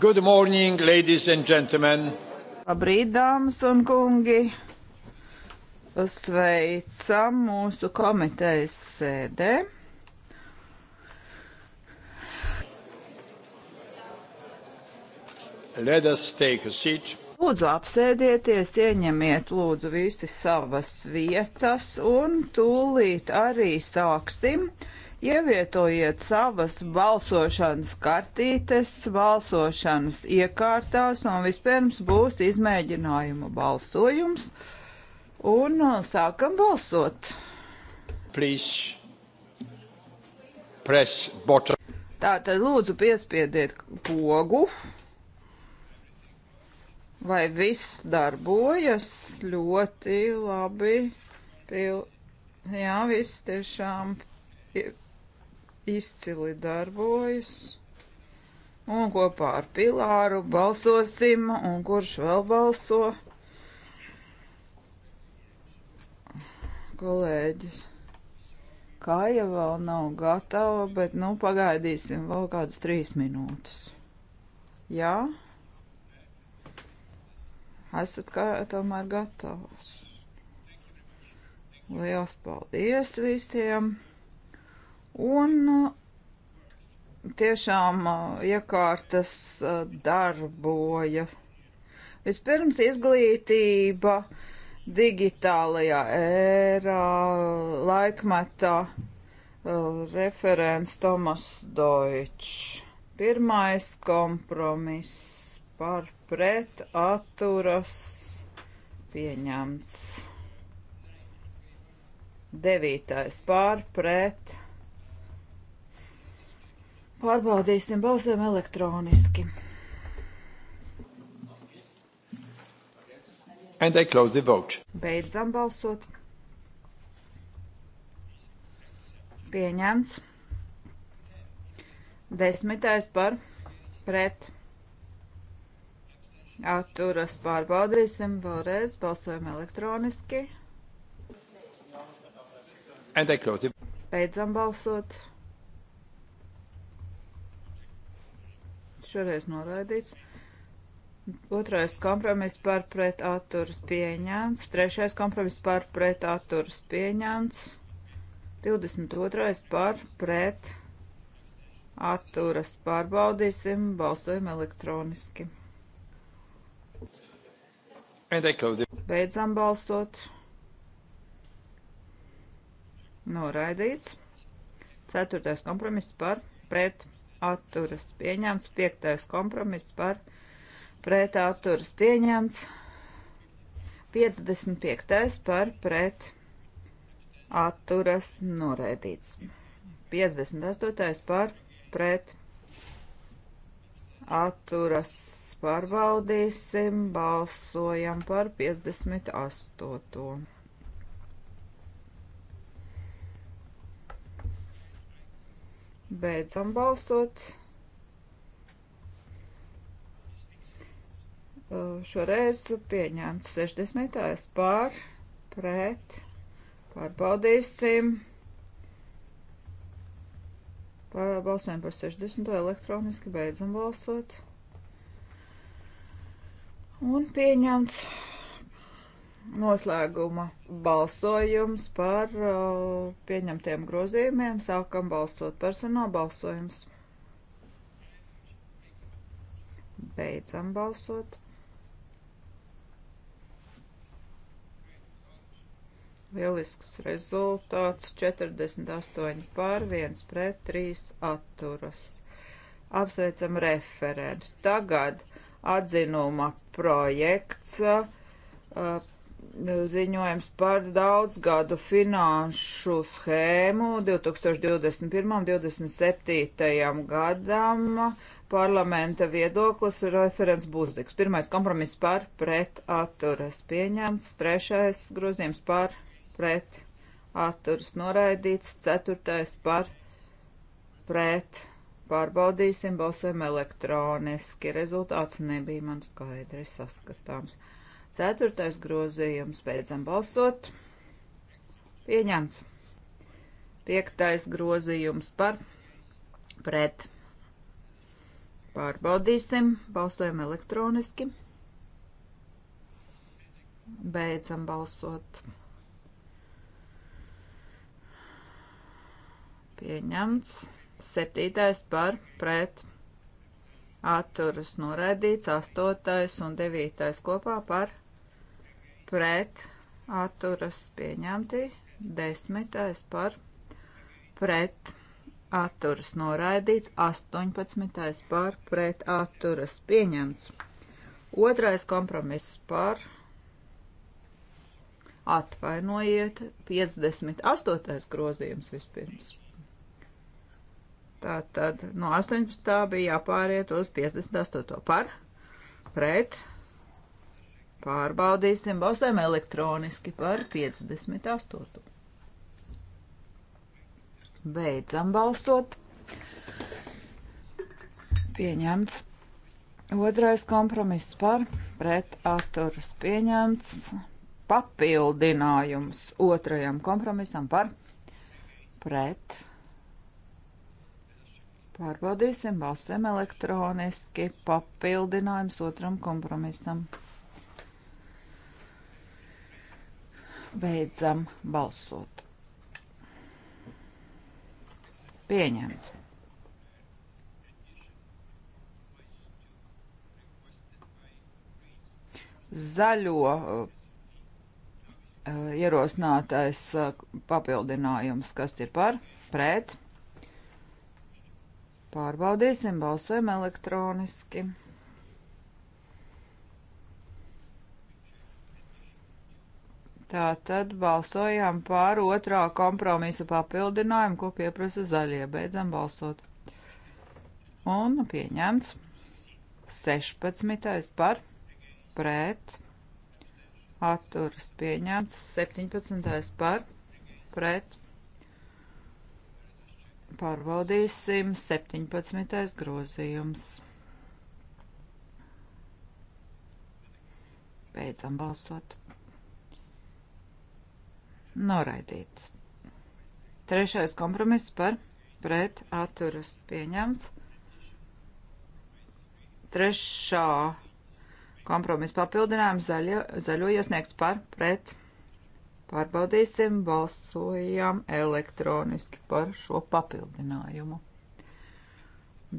Good morning, ladies and gentlemen. Labrīt, dāmas un kungi. Sveicam mūsu komitejas sēdē. Let us take a seat. Lūdzu, apsēdieties, ieņemiet lūdzu visi savas vietas un tūlīt arī sāksim Ievietojiet savas balsošanas kartītes, balsošanas iekārtās, un vispirms būs izmēģinājuma balsojums. Un uh, sākam balsot. Please press button. Tātad lūdzu piespiediet pogu. Vai viss darbojas ļoti labi? Pil... Jā, viss tiešām izcili darbojas. Un kopā ar Pilāru balsosim, un kurš vēl balso? Kolēģis. Kā jau vēl nav gatava, bet nu pagaidīsim vēl kādas trīs minūtes. Jā? Esat kā tomēr gatavs. Liels paldies visiem! Un uh, tiešām uh, iekārtas uh, darboja. Vispirms izglītība digitālajā ērā, laikmetā referents Tomas Deutsch. Pirmais kompromiss par pret atturas pieņemts. Devītais par pret atturas Pārbaudīsim, balsojam elektroniski. And I close the vote. Beidzam balsot. Pieņemts. Desmitais par pret. Atturas pārbaudīsim vēlreiz. Balsojam elektroniski. And I close it. Beidzam balsot. šoreiz noraidīts. Otrais kompromiss par pret atturas pieņemts. Trešais kompromiss par pret atturas pieņemts. 22. par pret atturas pārbaudīsim, balsojam elektroniski. Beidzam balsot. Noraidīts. Ceturtais kompromiss par pret atturas pieņemts atturas pieņemts, piektais kompromiss par pret atturas pieņemts, 55. par pret atturas noraidīts, 58. par pret atturas pārbaudīsim, balsojam par 58. Beidzam balsot. Uh, šoreiz pieņemts 60. pār, pret, pārbaudīsim. Balsojam par 60. elektroniski, beidzam balsot. Un pieņemts noslēguma balsojums par uh, pieņemtiem grozījumiem. Sākam balsot personāla balsojums. Beidzam balsot. Lielisks rezultāts 48 pār 1 pret 3 atturas. Apsveicam referentu. Tagad atzinuma projekts uh, ziņojums par daudzgadu finanšu schēmu 2021-2027 gadam. Parlamenta viedoklis ir referents Buziks. Pirmais kompromiss par pret atturas pieņemts, trešais grozījums par pret atturas noraidīts, ceturtais par pret. Pārbaudīsim, balsojam elektroniski. Rezultāts nebija man skaidri saskatāms. Ceturtais grozījums. Beidzam balsot. Pieņemts. Piektais grozījums par pret. Pārbaudīsim. Balsojam elektroniski. Beidzam balsot. Pieņemts. Septītais par pret atturas noraidīts, 8. un 9. kopā par pret atturas pieņemti, 10. par pret atturas noraidīts, 18. par pret atturas pieņemts. Otrais kompromiss par atvainojiet 58. grozījums vispirms Tātad no 18. bija jāpāriet uz 58. par, pret, pārbaudīsim, balsēm elektroniski par 58. Beidzam balstot. Pieņemts. Otrais kompromiss par pret atturas pieņemts papildinājums otrajam kompromisam par pret Pārbaudīsim, balsēm elektroniski, papildinājums otram kompromisam. Beidzam balsot. Pieņemts. Zaļo eh, ierosinātais eh, papildinājums, kas ir par, pret, pret Pārbaudīsim, balsojam elektroniski. Tā tad balsojām pār otrā kompromisa papildinājumu, ko pieprasa zaļie. Beidzam balsot. Un pieņemts 16. par pret. Atturas pieņemts 17. par pret. Pārbaudīsim 17. grozījums. Beidzam balsot. Noraidīts. Trešais kompromiss par pret atturas pieņemts. Trešā kompromisa papildinājums zaļo, zaļo iesniegts par pret atturas Pārbaudīsim, balsojam elektroniski par šo papildinājumu.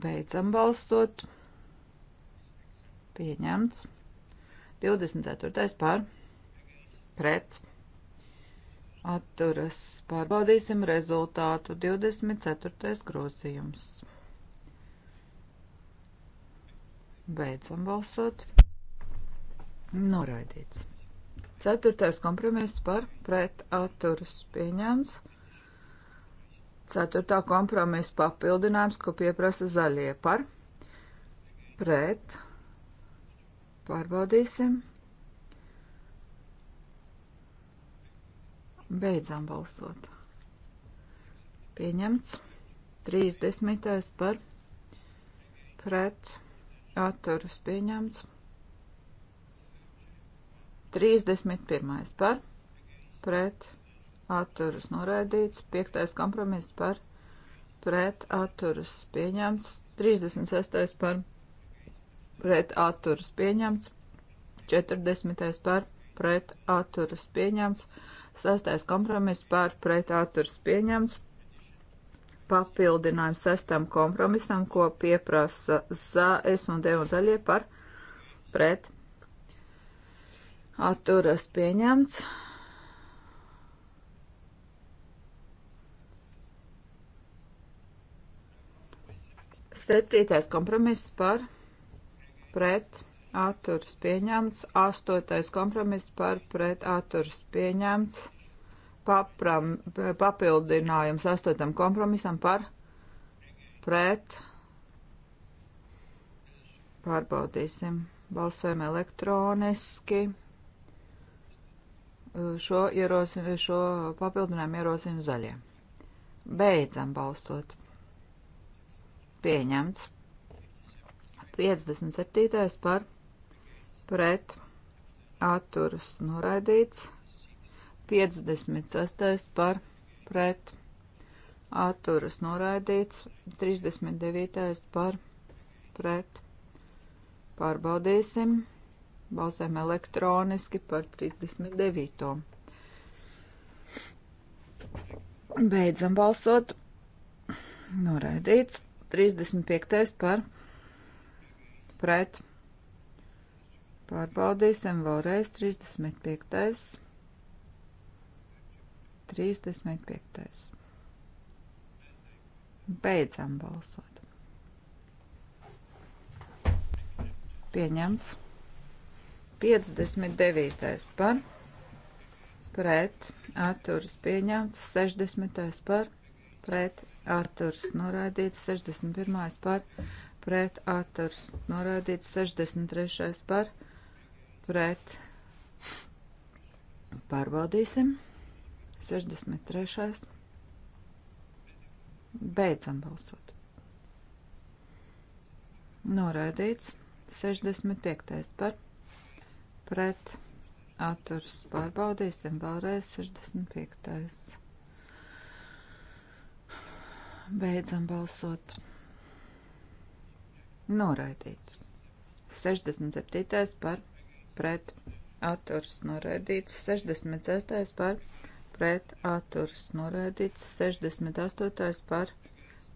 Beidzam balsot. Pieņemts. 24. pār. Pret. Atturas. Pārbaudīsim rezultātu. 24. grozījums. Beidzam balsot. Noraidīts. Ceturtais kompromiss par pret atturas pieņemts. Ceturtā kompromisa papildinājums, ko pieprasa zaļie par pret. Pārbaudīsim. Beidzām balsot. Pieņemts. 30. par pret atturas pieņemts. 31. par pret atturas noraidīts, 5. kompromiss par pret atturas pieņemts, 36. par pret atturas pieņemts, 40. par pret atturas pieņemts, 6. kompromiss par pret atturas pieņemts, papildinājums 6. kompromisam, ko pieprasa ZAS un D un zaļie par pret atturas pieņemts atturas pieņemts. Septītais kompromiss par pret atturas pieņemts. Astotais kompromiss par pret atturas pieņemts. Papram, papildinājums astotam kompromisam par pret. Pārbaudīsim. Balsojam elektroniski. Šo, ierosinu, šo papildinājumu ierosina zaļie. Beidzam balstot. Pieņemts. 57. par pret atturas noraidīts. 56. par pret atturas noraidīts. 39. par pret pārbaudīsim. Balsēm elektroniski par 39. Beidzam balsot. Noraidīts. 35. par pret. Pārbaudīsim vēlreiz 35. 35. Beidzam balsot. Pieņemts. 59. par pret atturas pieņemts, 60. par pret atturas noraidīts, 61. par pret atturas noraidīts, 63. par pret pārbaudīsim, 63. beidzam balsot. Noraidīts, 65. par pret pret atturs pārbaudīsim vēlreiz 65. Beidzam balsot. Noraidīts. 67. par pret atturs noraidīts. 66. par pret atturs noraidīts. 68. par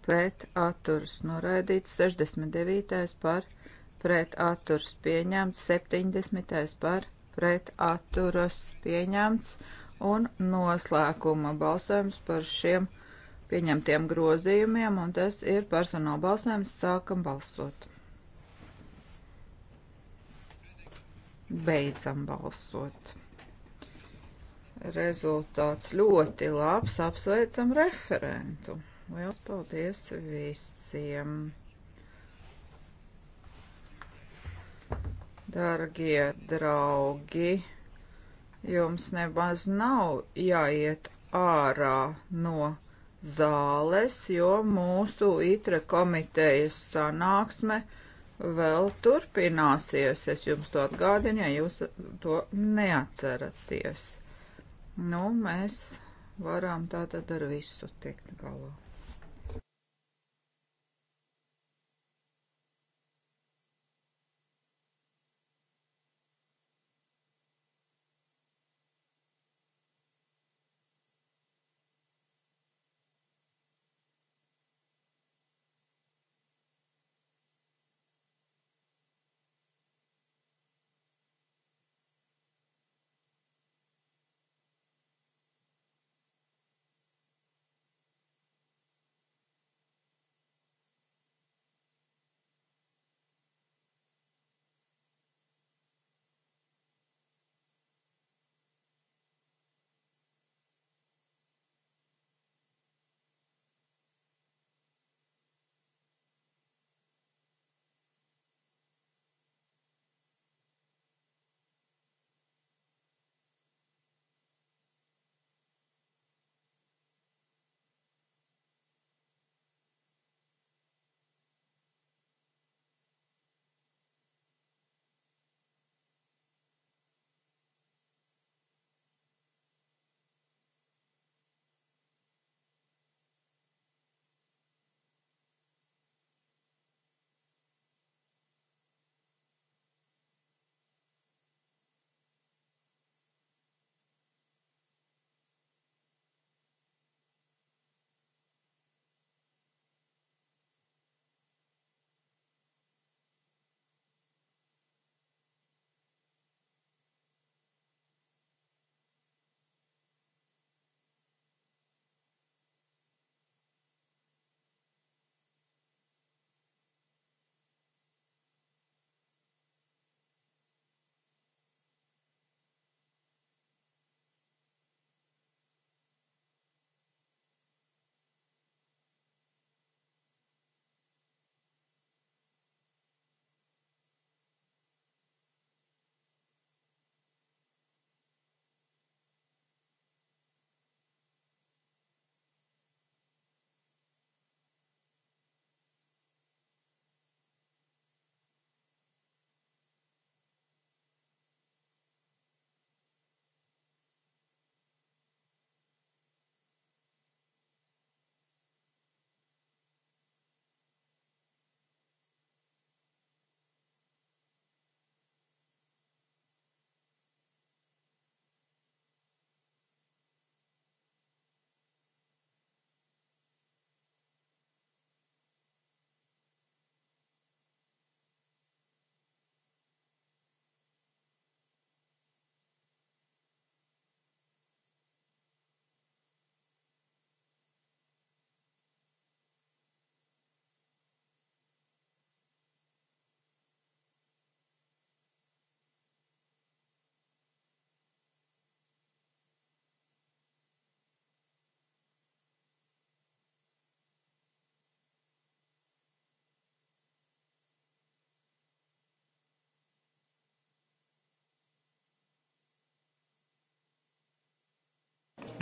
pret atturs noraidīts. 69. par pret atturas pieņemts, 70. par pret atturas pieņemts un noslēguma balsojums par šiem pieņemtiem grozījumiem, un tas ir personāla balsojums, sākam balsot. Beidzam balsot. Rezultāts ļoti labs, apsveicam referentu. Liels paldies visiem! Dargie draugi, jums nemaz nav jāiet ārā no zāles, jo mūsu itra komitejas sanāksme vēl turpināsies. Es jums to atgādinu, ja jūs to neatceraties. Nu, mēs varam tātad ar visu tikt galā.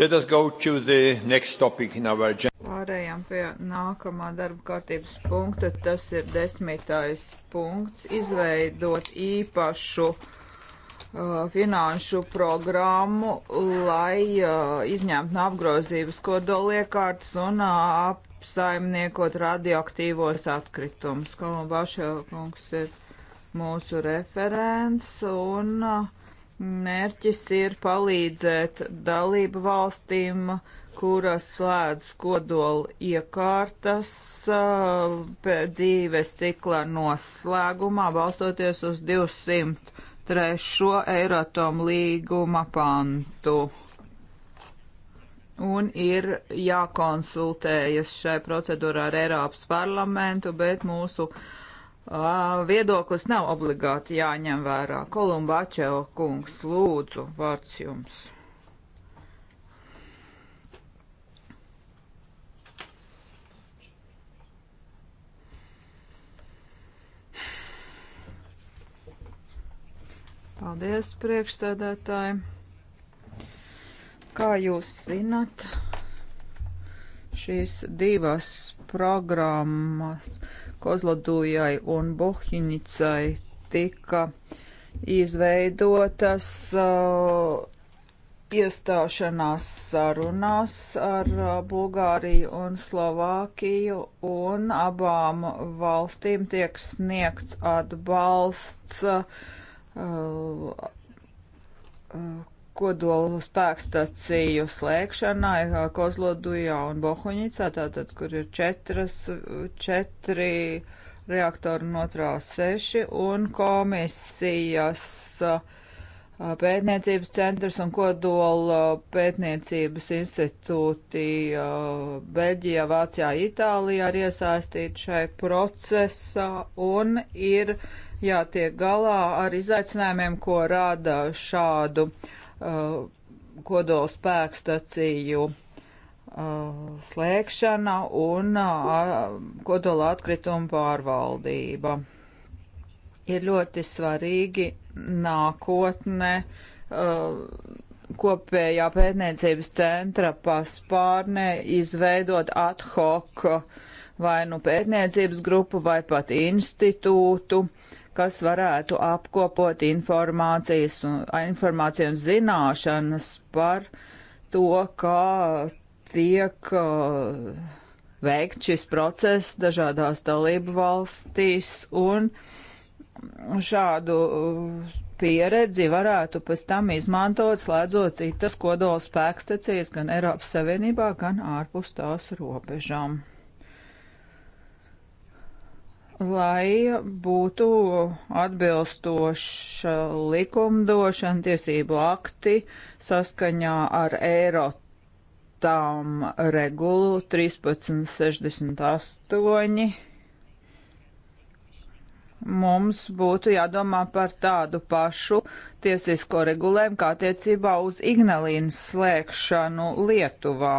Let us go to the next topic in our agenda. Pārējām pie nākamā darba kārtības punkta. Tas ir desmitais punkts. Izveidot īpašu uh, finanšu programmu, lai uh, izņemtu no apgrozības kodoliekārtas un uh, apsaimniekot radioaktīvos atkritumus. Kolumbāša kungs ir mūsu referents un uh, Mērķis ir palīdzēt dalību valstīm, kuras slēdz kodola iekārtas uh, dzīves cikla noslēgumā, balstoties uz 203. Eiratom līguma pantu. Un ir jākonsultējas šai procedūrā ar Eiropas parlamentu, bet mūsu uh, viedoklis nav obligāti jāņem vērā. Kolumbāčeo kungs, lūdzu, vārds jums. Paldies, priekšsēdētāji. Kā jūs zinat, šīs divas programmas Kozlodujai un Buhinicai tika izveidotas uh, iestāšanās sarunās ar uh, Bulgāriju un Slovākiju, un abām valstīm tiek sniegts atbalsts uh, uh, kodolu spēkstaciju slēgšanai Kozlodujā un Bohuņicā, tātad, kur ir četras, četri reaktori notrās seši un komisijas pētniecības centrs un kodola pētniecības institūti Beļģijā, Vācijā, Itālijā ir iesaistīti šai procesā un ir jātiek galā ar izaicinājumiem, ko rāda šādu uh, Uh, kodola spēkstaciju uh, slēgšana un uh, kodola atkrituma pārvaldība. Ir ļoti svarīgi nākotne kopējā pētniecības centra paspārnē izveidot ad hoc vai nu pētniecības grupu vai pat institūtu, uh, kas varētu apkopot informācijas un, informāciju un zināšanas par to, kā tiek uh, veikt šis process dažādās dalību valstīs un šādu uh, pieredzi varētu pēc tam izmantot, slēdzot citas kodola spēkstacijas gan Eiropas Savienībā, gan ārpus tās robežām lai būtu atbilstoša likumdošana, tiesību akti saskaņā ar Eirotām regulu 1368. Mums būtu jādomā par tādu pašu tiesisko regulējumu kā attiecībā uz Ignalīnas slēgšanu Lietuvā.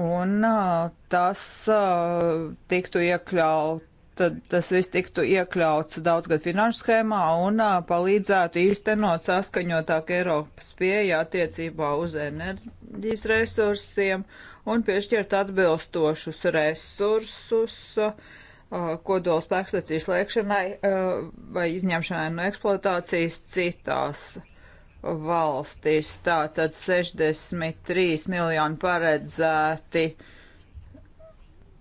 Un tas tiktu iekļaut tad tas viss tiktu iekļauts daudzgad finanšu schēmā un palīdzētu īstenot saskaņotāk Eiropas pieeja attiecībā uz enerģijas resursiem un piešķirt atbilstošus resursus kodols pēkstacijas lēkšanai vai izņemšanai no eksploatācijas citās valstīs. Tātad 63 miljoni paredzēti.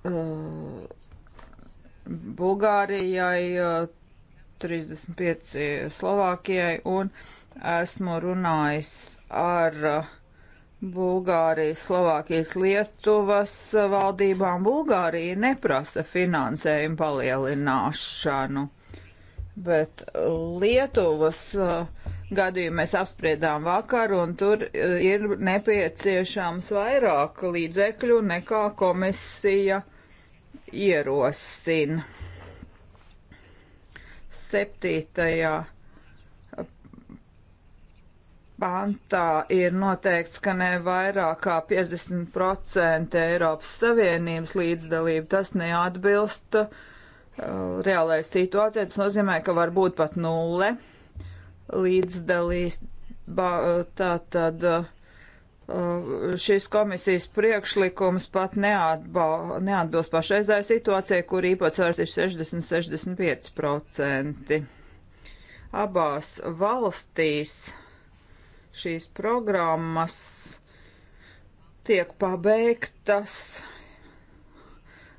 Uh, Bulgārijai, 35 Slovākijai un esmu runājis ar Bulgārijas, Slovākijas, Lietuvas valdībām. Bulgārija neprasa finansējumu palielināšanu, bet Lietuvas gadījumu mēs apspriedām vakar, un tur ir nepieciešams vairāk līdzekļu nekā komisija ierosina. Septītajā pantā ir noteikts, ka ne vairāk kā 50% Eiropas Savienības līdzdalība tas neatbilst uh, reālajai situācijai. Tas nozīmē, ka var būt pat nulle līdzdalība. Tā tad uh, Uh, šis komisijas priekšlikums pat neatba, neatbilst pašreizai situācijai, kur īpatsvars ir 60-65%. Abās valstīs šīs programmas tiek pabeigtas.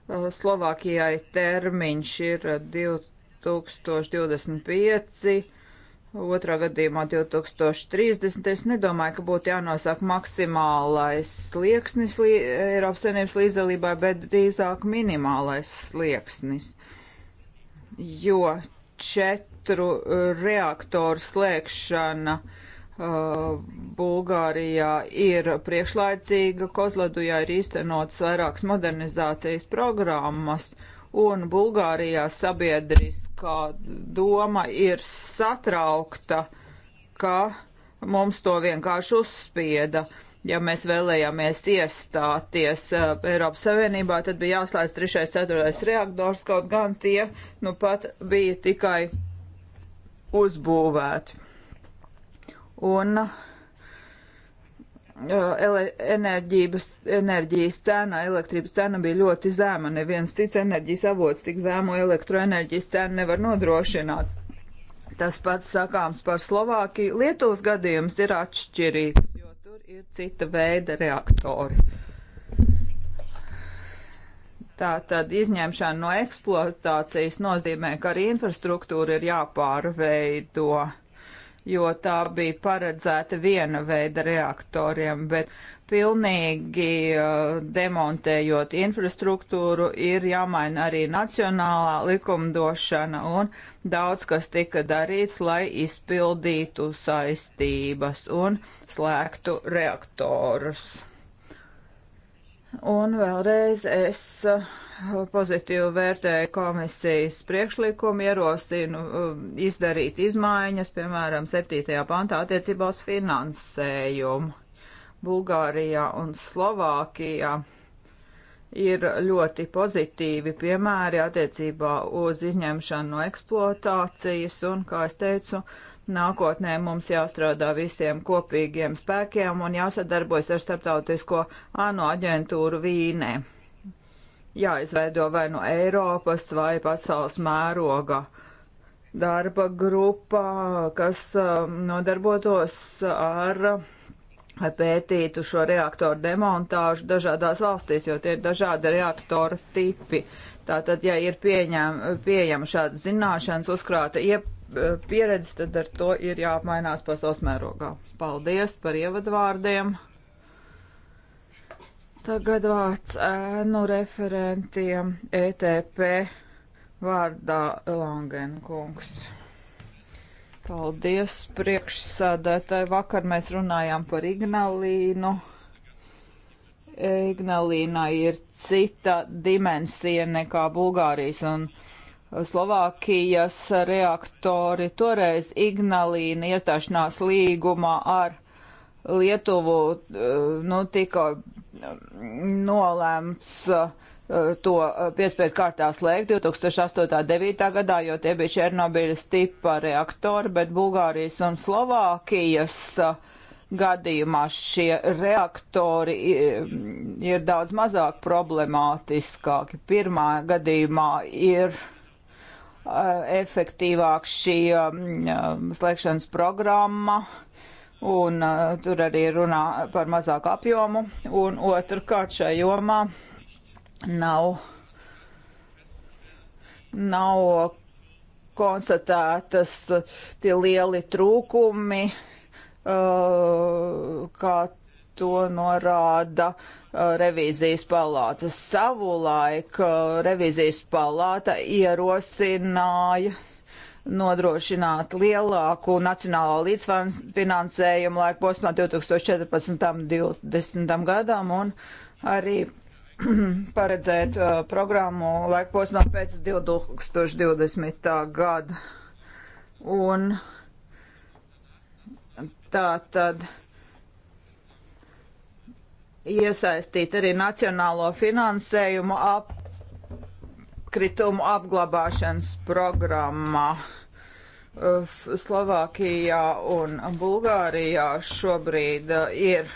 Uh, Slovākijai termiņš ir 2025 uh, Otrā gadījumā 2030. Es nedomāju, ka būtu jānosaka maksimālais slieksnis li Eiropas Savienības līdzdalībai, bet drīzāk minimālais slieksnis. Jo četru reaktoru slēgšana uh, Bulgārijā ir priekšlaicīga, Kozladujā ir īstenotas vairākas modernizācijas programmas. Uh, un Bulgārijā sabiedriskā doma ir satraukta, ka mums to vienkārši uzspieda. Ja mēs vēlējāmies iestāties uh, Eiropas Savienībā, tad bija jāslēdz 3. 4. reaktors, kaut gan tie nu pat bija tikai uzbūvēti. Un uh, enerģības, enerģijas cena, elektrības cena bija ļoti zema. Neviens cits enerģijas avots tik zēmu elektroenerģijas cenu nevar nodrošināt. Tas pats sakāms par Slovākiju. Lietuvas gadījums ir atšķirīgs, jo tur ir cita veida reaktori. Tā tad izņemšana no eksploatācijas nozīmē, ka arī infrastruktūra ir jāpārveido. Uh, jo tā bija paredzēta viena veida reaktoriem, bet pilnīgi uh, demontējot infrastruktūru ir jāmaina arī nacionālā likumdošana un daudz kas tika darīts, lai izpildītu saistības un slēgtu reaktorus. Un vēlreiz es uh, pozitīvi vērtēju komisijas priekšlikumu, ierosinu um, izdarīt izmaiņas, piemēram, 7. pantā attiecībā uz finansējumu. Bulgārijā un Slovākijā ir ļoti pozitīvi piemēri attiecībā uz izņemšanu no eksploatācijas un, kā es teicu, uh, Nākotnē mums jāstrādā visiem kopīgiem spēkiem un jāsadarbojas ar starptautisko ANO aģentūru Vīnē. Jāizveido vai no nu Eiropas vai pasaules mēroga darba grupā, kas um, nodarbotos ar pētītu šo reaktoru demontāžu dažādās valstīs, jo tie ir dažādi reaktoru tipi. Tātad, ja ir pieņem, pieejama šāda zināšanas uzkrāta Eh, pieredzi, tad ar to ir jāapmainās pasaules mērogā. Paldies par ievadvārdiem. Tagad vārds ēnu referentiem ETP vārdā Langenkungs. Paldies priekšsādētāji. Vakar mēs runājām par Ignalīnu. Ignalīna ir cita dimensija nekā Bulgārijas un Bulgārijas Slovākijas reaktori. Toreiz Ignalīna iestāšanās līgumā ar Lietuvu eh, nu, tika mm, nolēmts eh, to piespiedu kārtā slēgt 2008.9. gadā, jo tie bija Černobiļas tipa reaktori, bet Bulgārijas un Slovākijas eh, gadījumā šie reaktori ir daudz mazāk problemātiskāki. Pirmā gadījumā ir Eh, efektīvāk šī um, um, slēgšanas programma, un eh, tur arī runā par mazāku apjomu, un otrkārt šajā jomā nav, nav konstatētas tie lieli trūkumi, eh, kā to norāda uh, Uh, revīzijas palāta. Savulaik uh, revīzijas palāta ierosināja nodrošināt lielāku nacionālo līdzfinansējumu laika posmā 2014-2020 gadam un arī paredzēt uh, programmu laika posmā pēc 2020. gada. Un tā tad iesaistīt arī nacionālo finansējumu apkritumu apglabāšanas programmā. Slovākijā un Bulgārijā šobrīd uh, ir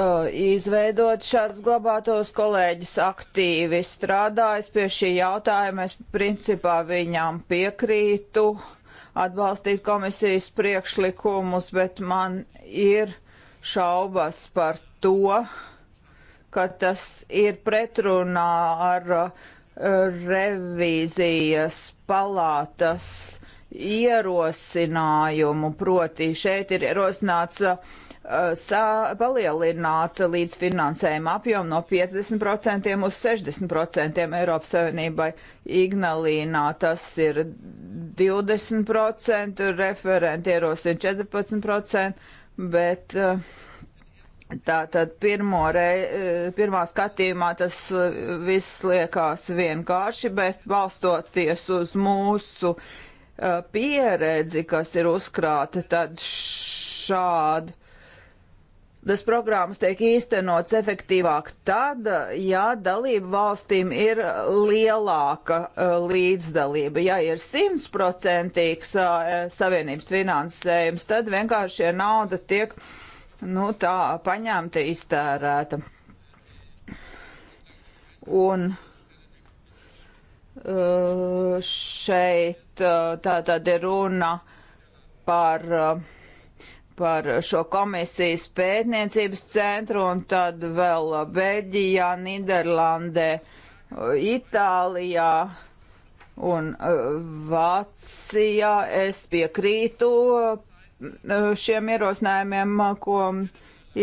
Uh, izveidot šāds glabātos kolēģis aktīvi strādājis pie šī jautājuma. Es principā viņām piekrītu atbalstīt komisijas priekšlikumus, bet man ir šaubas par to, ka tas ir pretrunā ar eh, revīzijas palātas ierosinājumu, proti šeit ir ierosināts uh, palielināt līdz finansējuma apjomu no 50% uz 60% Eiropas Savienībai. Ignalīnā tas ir 20%, referenti ierosina 14%, bet eh, tātad pirmo rei, eh, pirmā skatījumā tas eh, viss liekas vienkārši, bet balstoties uz mūsu pieredzi, kas ir uzkrāta, tad šādi Tas programmas tiek īstenots efektīvāk tad, ja dalību valstīm ir lielāka uh, līdzdalība. Ja ir simtprocentīgs uh, savienības finansējums, tad vienkārši šie nauda tiek nu, tā paņemta, iztērēta. Un uh, šeit tā tad ir runa par uh, par šo komisijas pētniecības centru un tad vēl Beļģijā, Niderlandē, Itālijā un eh, Vācijā. Es piekrītu eh, šiem ierosinājumiem, ko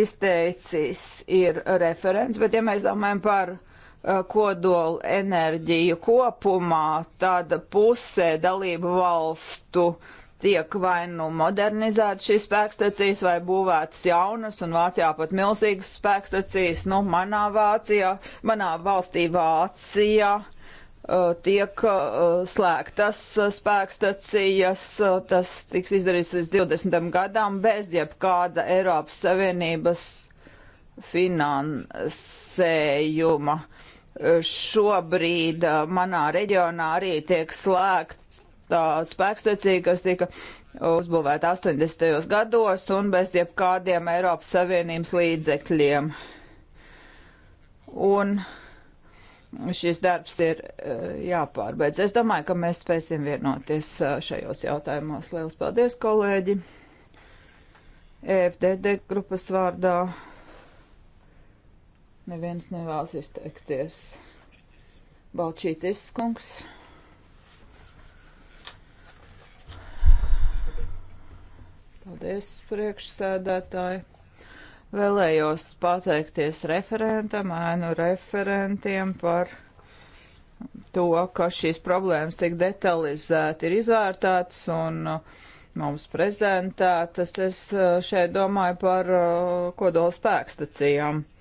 izteicis ir referents, bet ja mēs domājam par eh, kodolu enerģiju kopumā, tad pusē dalību valstu uh, tiek vai nu modernizētas šīs spēkstacijas, vai būvētas jaunas, un Vācijā pat milzīgas spēkstacijas. Nu, manā Vācijā, manā valstī Vācijā uh, tiek uh, slēgtas uh, spēkstacijas, tas tiks izdarīts līdz 20 gadām bez jebkāda Eiropas Savienības finansējuma. Šobrīd manā reģionā arī tiek slēgts tā spēkstacija, kas tika uzbūvēta 80. gados un bez jebkādiem Eiropas Savienības līdzekļiem. Un šis darbs ir eh, jāpārbeidz. Es domāju, ka mēs spēsim vienoties eh, šajos jautājumos. Lielas paldies, kolēģi! EFDD grupas vārdā neviens nevēlas izteikties. Balčītis kungs. Paldies, priekšsēdētāji. Vēlējos pateikties referentam, ēnu referentiem par to, ka šīs problēmas tik detalizēti ir izvērtētas un uh, mums prezentētas. Es uh, šeit domāju par uh, kodola spēkstacijām. Uh,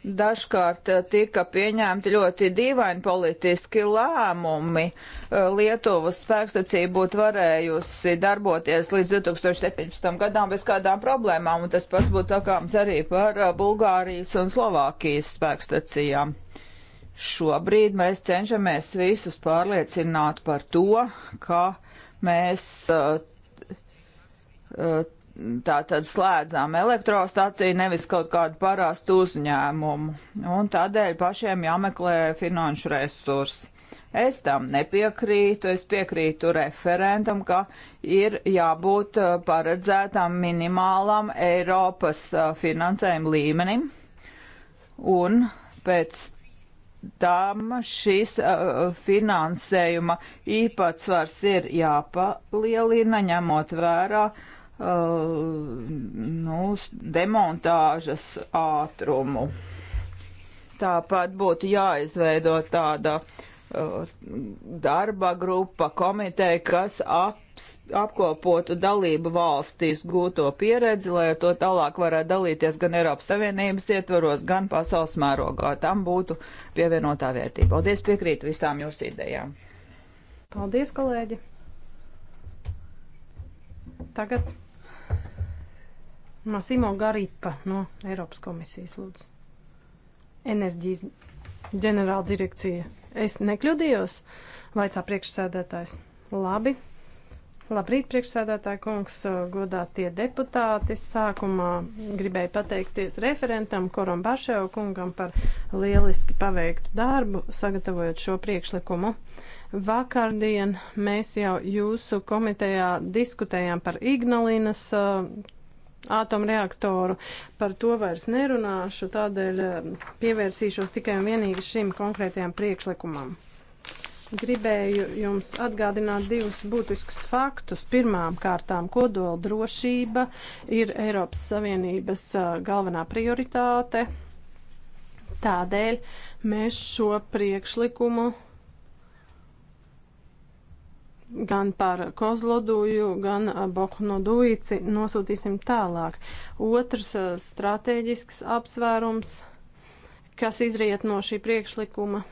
Dažkārt eh, tika pieņemti ļoti dīvaini politiski lēmumi. Eh, Lietuvas spēkstacība būtu varējusi darboties līdz 2017. gadām bez kādām problēmām, un tas pats būtu sakāms arī par eh, Bulgārijas un Slovākijas spēkstacijām. Šobrīd mēs cenšamies visus pārliecināt par to, ka mēs uh, uh, tā tad slēdzām elektrostaciju, nevis kaut kādu parastu uzņēmumu. Un tādēļ pašiem jāmeklē finanšu resursi. Es tam nepiekrītu, es piekrītu referentam, ka ir jābūt uh, paredzētam minimālam Eiropas uh, finansējuma līmenim, un pēc tam šis uh, finansējuma īpatsvars ir jāpalielina, ņemot vērā uh, Uh, nu, demontāžas ātrumu. Tāpat būtu jāizveido tāda uh, darba grupa, komiteja, kas aps, apkopotu dalību valstīs gūto pieredzi, lai ar to tālāk varētu dalīties gan Eiropas Savienības ietvaros, gan pasaules mērogā. Tam būtu pievienotā vērtība. Paldies, piekrītu visām jūsu idejām. Paldies, kolēģi! Tagad Masimo Garipa no Eiropas komisijas lūdzu. Enerģijas ģenerāla direkcija. Es nekļūdījos, vaicā priekšsēdētājs. Labi. Labrīt, priekšsēdētāji kungs, godātie deputāti. Sākumā gribēju pateikties referentam Koram Bašev kungam par lieliski paveiktu darbu, sagatavojot šo priekšlikumu. Vakardien mēs jau jūsu komitejā diskutējām par Ignalinas atomreaktoru. Par to vairs nerunāšu, tādēļ eh, pievērsīšos tikai un vienīgi šim konkrētajam priekšlikumam. Gribēju jums atgādināt divus būtiskus faktus. Pirmām kārtām kodola drošība ir Eiropas Savienības eh, galvenā prioritāte. Tādēļ mēs šo priekšlikumu gan par Kozloduju, gan uh, Bohnoduici nosūtīsim tālāk. Otrs uh, strateģisks apsvērums, kas izriet no šī priekšlikuma,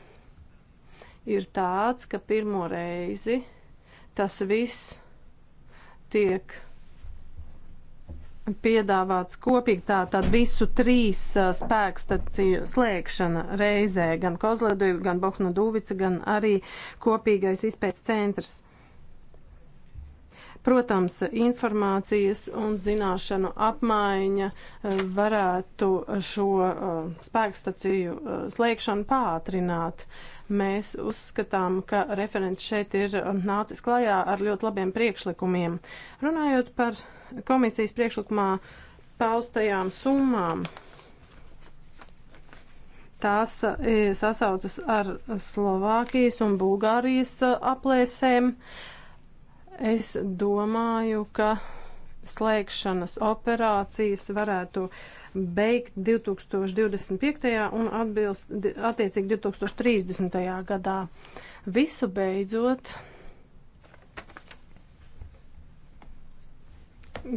ir tāds, ka pirmo reizi tas viss tiek piedāvāts kopīgi tā, tad visu trīs uh, spēkstaciju slēgšana reizē, gan Kozledu, gan Bohnu Dūvica, gan arī kopīgais izpētes centrs. Protams, informācijas un zināšanu apmaiņa eh, varētu šo eh, spēkstaciju eh, slēgšanu pātrināt mēs uzskatām, ka referents šeit ir nācis klajā ar ļoti labiem priekšlikumiem. Runājot par komisijas priekšlikumā paustajām summām, tās sasaucas ar Slovākijas un Bulgārijas aplēsēm. Uh, Es domāju, ka slēgšanas operācijas varētu beigt 2025. un atbilst, attiecīgi 2030. gadā. Visu beidzot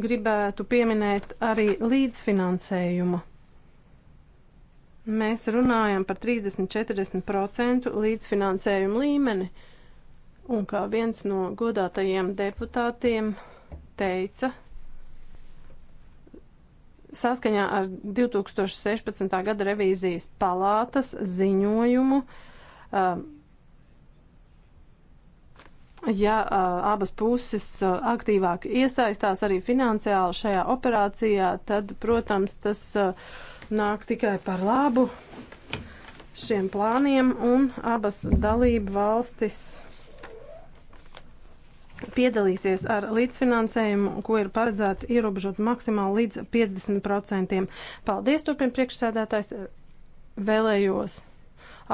gribētu pieminēt arī līdzfinansējumu. Mēs runājam par 30-40% līdzfinansējumu līmeni. Uh, Un kā viens no godātajiem deputātiem teica, saskaņā ar 2016. gada revīzijas palātas ziņojumu, um, ja uh, abas puses uh, aktīvāk iesaistās arī finansiāli šajā operācijā, tad, protams, tas uh, nāk tikai par labu šiem plāniem un abas dalību valstis piedalīsies ar līdzfinansējumu, ko ir paredzēts ierobežot maksimāli līdz 50%. Paldies, turpin priekšsēdētājs. Vēlējos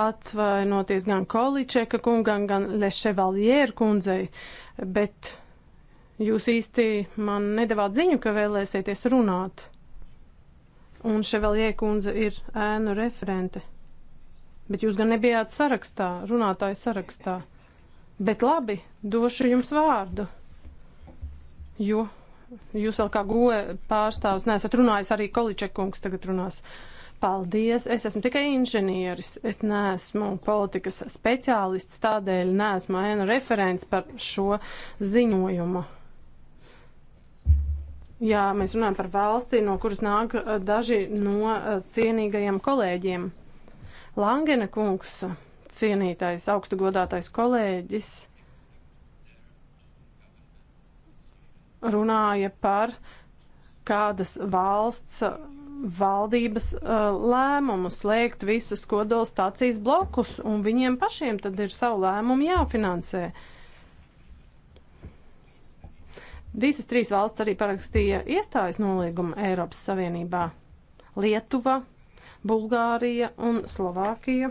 atvainoties gan Količeka kungam, gan Leševaljeru kundzei, bet jūs īsti man nedavāt ziņu, ka vēlēsieties runāt. Un Ševaljeru kundze ir ēnu referente. Bet jūs gan nebijāt sarakstā, runātāju sarakstā. Jā. Bet labi, došu jums vārdu, jo jūs vēl kā goe pārstāvs neesat runājis, arī Količekungs tagad runās. Paldies, es esmu tikai inženieris, es neesmu politikas speciālists, tādēļ neesmu ēna referents par šo ziņojumu. Jā, mēs runājam par valsti, no kuras nāk eh, daži no eh, cienīgajiem kolēģiem. Langena kungs cienītais, augstu godātais kolēģis runāja par kādas valsts valdības uh, lēmumu slēgt visus kodolstācijas blokus, un viņiem pašiem tad ir savu lēmumu jāfinansē. Visas trīs valsts arī parakstīja iestājas noliegumu Eiropas Savienībā - Lietuva, Bulgārija un Slovākija.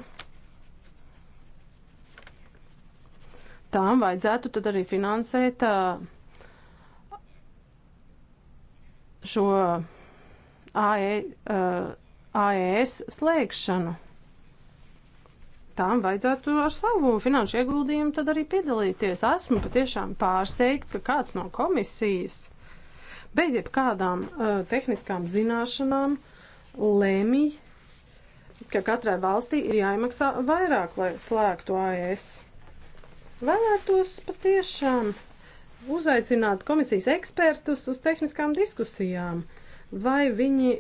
tām vajadzētu tad arī finansēt šo AE, AES slēgšanu. Tām vajadzētu ar savu finanšu ieguldījumu tad arī piedalīties. Esmu patiešām pārsteigts, ka kāds no komisijas bez jebkādām uh, tehniskām zināšanām lemj, ka katrai valstī ir jāiemaksā vairāk, lai slēgtu AES. Vēlētos patiešām uzaicināt komisijas ekspertus uz tehniskām diskusijām, vai viņi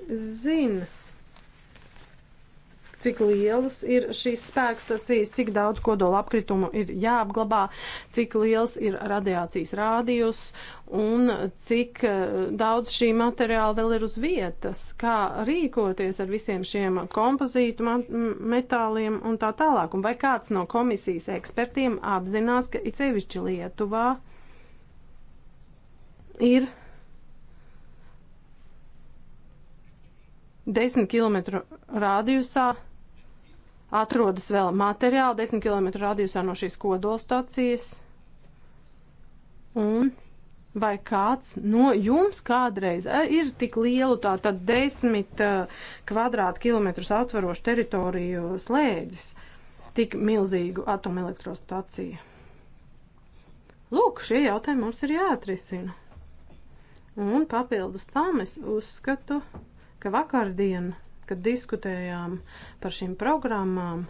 zina, cik lielas ir šīs spēkstacijas, cik daudz kodola apkritumu ir jāapglabā, cik liels ir radiācijas rādījus un cik eh, daudz šī materiāla vēl ir uz vietas, kā rīkoties ar visiem šiem kompozītu metāliem un tā tālāk. Un vai kāds no komisijas ekspertiem apzinās, ka it sevišķi Lietuvā ir 10 km radiusā atrodas vēl materiāli 10 km radiusā no šīs kodolstacijas. Un vai kāds no jums kādreiz e, ir tik lielu tā tad 10 e, kvadrātkilometrus atvarošu teritoriju slēdzis tik milzīgu atomelektrostaciju? Lūk, šie jautājumi mums ir jāatrisina. Un papildus tam es uzskatu, ka vakardien kad diskutējām par šīm programmām,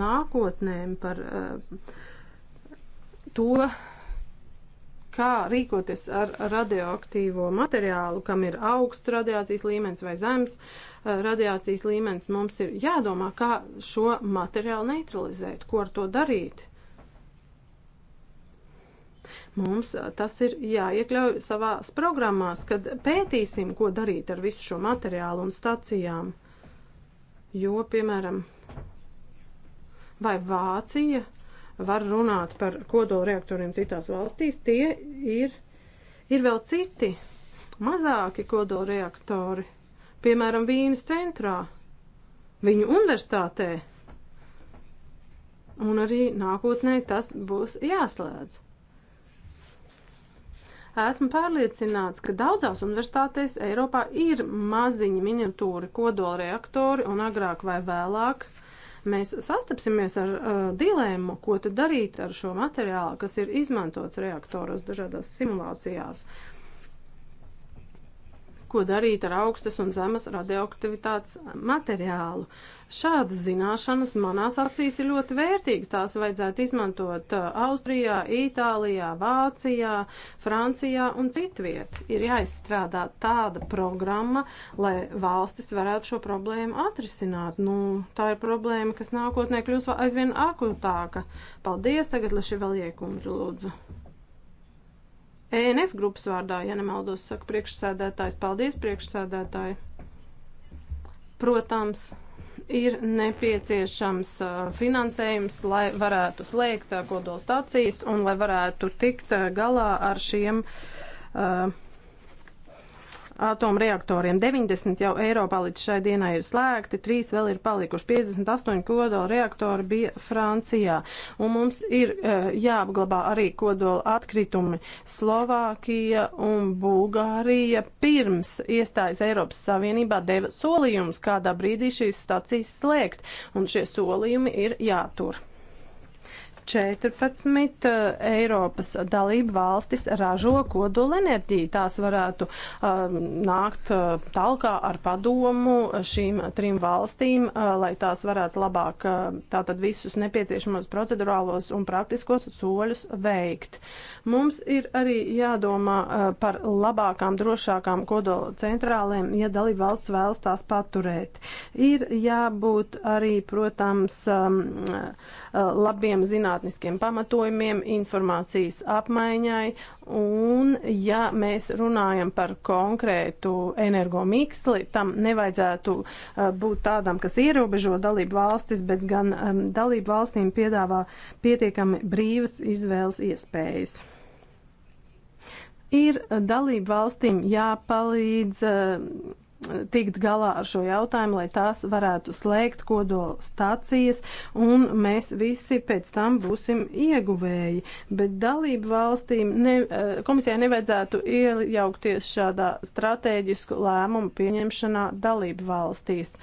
nākotnēm, par uh, to, kā rīkoties ar radioaktīvo materiālu, kam ir augsts radiācijas līmenis vai zems eh, radiācijas līmenis, mums ir jādomā, kā šo materiālu neutralizēt, ko ar to darīt. Mums eh, tas ir jāiekļauj savās programmās, kad pētīsim, ko darīt ar visu šo materiālu un stacijām jo, piemēram, vai Vācija var runāt par kodolreaktoriem citās valstīs, tie ir, ir vēl citi mazāki kodolreaktori, piemēram, Vīnas centrā, viņu universitātē. Un arī nākotnē tas būs jāslēdz. Esmu pārliecināts, ka daudzās universitātēs Eiropā ir maziņi miniatūri kodolreaktori un agrāk vai vēlāk mēs sastapsimies ar uh, dilēmu, ko tad darīt ar šo materiālu, kas ir izmantots reaktoros dažādās simulācijās. Uh, ko darīt ar augstas un zemes radioaktivitātes materiālu. Šādas zināšanas manās acīs ir ļoti vērtīgas. Tās vajadzētu izmantot uh, Austrijā, Itālijā, Vācijā, Francijā un citviet. Ir jāizstrādā tāda programma, lai valstis varētu šo problēmu atrisināt. Nu, tā ir problēma, kas nākotnē kļūs aizvien akūtāka. Paldies tagad, Lešivaljē kundze, lūdzu. ENF grupas vārdā, ja nemaldos, saka priekšsēdētājs. Paldies, priekšsēdētāji! Protams, ir nepieciešams finansējums, lai varētu slēgt kodolstācijas un lai varētu tikt galā ar šiem uh, atomreaktoriem. 90 jau Eiropā līdz šai dienai ir slēgti, 3 vēl ir palikuši. 58 kodola reaktori bija Francijā. Un mums ir uh, jāapglabā arī kodola atkritumi. Slovākija un Bulgārija pirms iestājas Eiropas Savienībā deva solījumus, kādā brīdī šīs stacijas slēgt. Un šie solījumi ir jātur. 14 eh, Eiropas dalību valstis ražo kodolenerģiju. Tās varētu um, nākt uh, talkā ar padomu šīm trim valstīm, uh, lai tās varētu labāk uh, tātad visus nepieciešamos procedurālos un praktiskos soļus veikt. Mums ir arī jādomā uh, par labākām, drošākām kodola centrālēm, ja dalību valsts vēlas tās paturēt. Ir jābūt arī, protams, um, labiem zinātniskiem pamatojumiem, informācijas apmaiņai. Un, ja mēs runājam par konkrētu energomiksli, tam nevajadzētu būt tādam, kas ierobežo dalību valstis, bet gan dalību valstīm piedāvā pietiekami brīvas izvēles iespējas ir dalību valstīm jāpalīdz tikt galā ar šo jautājumu, lai tās varētu slēgt kodola stācijas, un mēs visi pēc tam būsim ieguvēji. Bet dalību valstīm ne, eh, komisijai nevajadzētu iejaukties šādā strateģisku lēmumu pieņemšanā dalību valstīs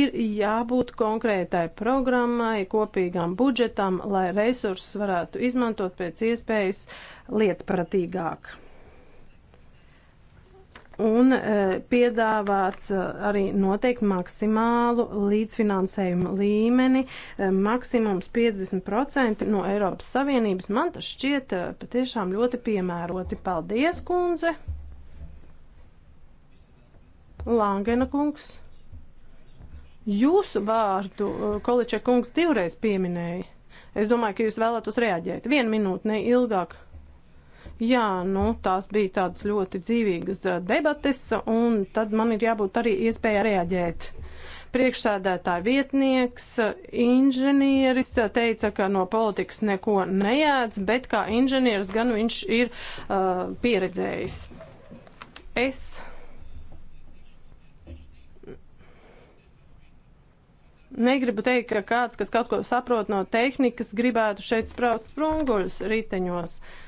ir jābūt konkrētai programmai, kopīgam budžetam, lai resursus varētu izmantot pēc iespējas lietpratīgāk un e, piedāvāts e, arī noteikt maksimālu līdzfinansējumu līmeni, e, maksimums 50% no Eiropas Savienības. Man tas šķiet patiešām ļoti piemēroti. Paldies, kundze! Langena kungs. Jūsu vārdu Količa kungs divreiz pieminēja. Es domāju, ka jūs vēlētos reaģēt. Vienu minūti, ne ilgāk. Jā, nu, tās bija tādas ļoti dzīvīgas debates, un tad man ir jābūt arī iespēja reaģēt priekšsēdētāja vietnieks, inženieris, teica, ka no politikas neko nejēdz, bet kā inženieris gan viņš ir uh, pieredzējis. Es. Negribu teikt, ka kāds, kas kaut ko saprot no tehnikas, gribētu šeit spraust sprunguļus riteņos. Uh,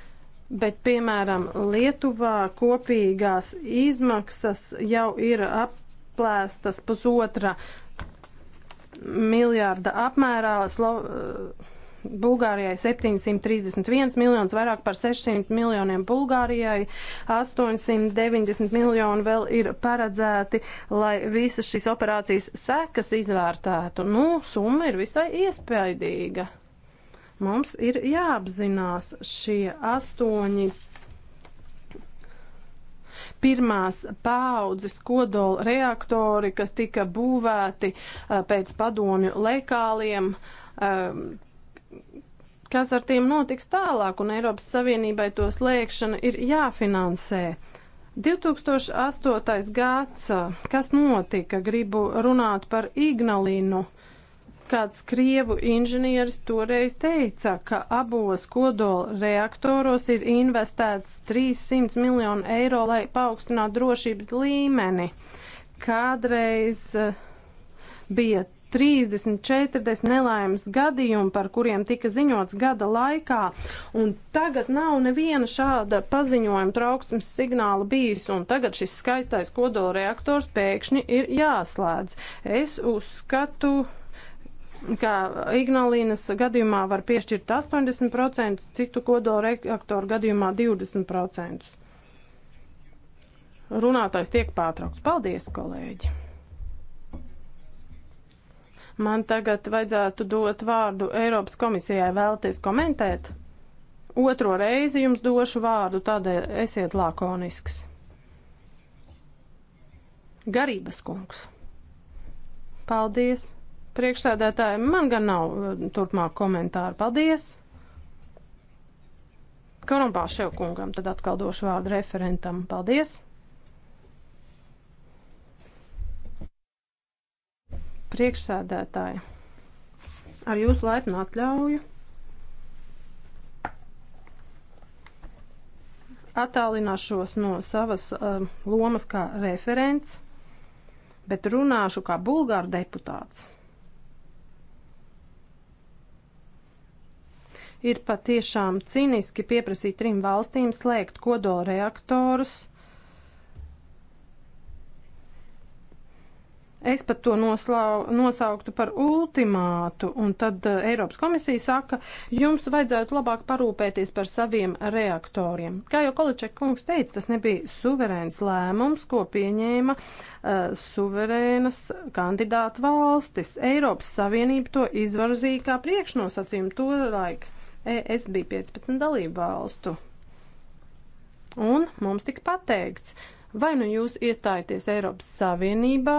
bet, piemēram, Lietuvā kopīgās izmaksas jau ir aplēstas pusotra miljārda apmērā. Slo eh, Bulgārijai 731 miljonus, vairāk par 600 miljoniem Bulgārijai, 890 miljoni vēl ir paredzēti, lai visas šīs operācijas sekas izvērtētu. Nu, summa ir visai iespaidīga. Mums ir jāapzinās šie astoņi pirmās paaudzes kodola reaktori, kas tika būvēti eh, pēc padomju lekāliem, eh, kas ar tiem notiks tālāk, un Eiropas Savienībai to slēgšana ir jāfinansē. 2008. gads, eh, kas notika, gribu runāt par Ignalinu. Uh, Kāds krievu inženieris toreiz teica, ka abos kodola reaktoros ir investēts 300 miljonu eiro, lai paaugstinātu drošības līmeni. Kādreiz eh, bija 30, 40 nelaimes gadījumi, par kuriem tika ziņots gada laikā, un tagad nav neviena šāda paziņojuma trauksmes signāla bijis, un tagad šis skaistais kodola reaktors pēkšņi ir jāslēdz. Es uzskatu ka Ignalīnas gadījumā var piešķirt 80%, citu kodola reaktoru gadījumā 20%. Runātājs tiek pārtraukts. Paldies, kolēģi! Man tagad vajadzētu dot vārdu Eiropas komisijai vēlties komentēt. Otro reizi jums došu vārdu, tādēļ esiet lakonisks. Garības kungs. Paldies! Priekšsēdētāji, man gan nav eh, turpmāk komentāru. Paldies! Korompāšev kungam, tad atkal došu vārdu referentam. Paldies! Priekšsēdētāji, ar jūsu laipnu atļauju. Atālināšos no savas uh, lomas kā referents, bet runāšu kā bulgāru deputāts. Ir patiešām cīniski pieprasīt trim valstīm slēgt kodolreaktorus. Es pat to noslau, nosauktu par ultimātu, un tad uh, Eiropas komisija saka, jums vajadzētu labāk parūpēties par saviem reaktoriem. Kā jau Količek kungs teica, tas nebija suverēns lēmums, ko pieņēma uh, suverēnas kandidāta valstis. Eiropas Savienība to izvarzīja kā priekšnosacījumu tolaik. ES bija 15 dalību valstu. Un mums tika pateikts, vai nu jūs iestājieties Eiropas Savienībā,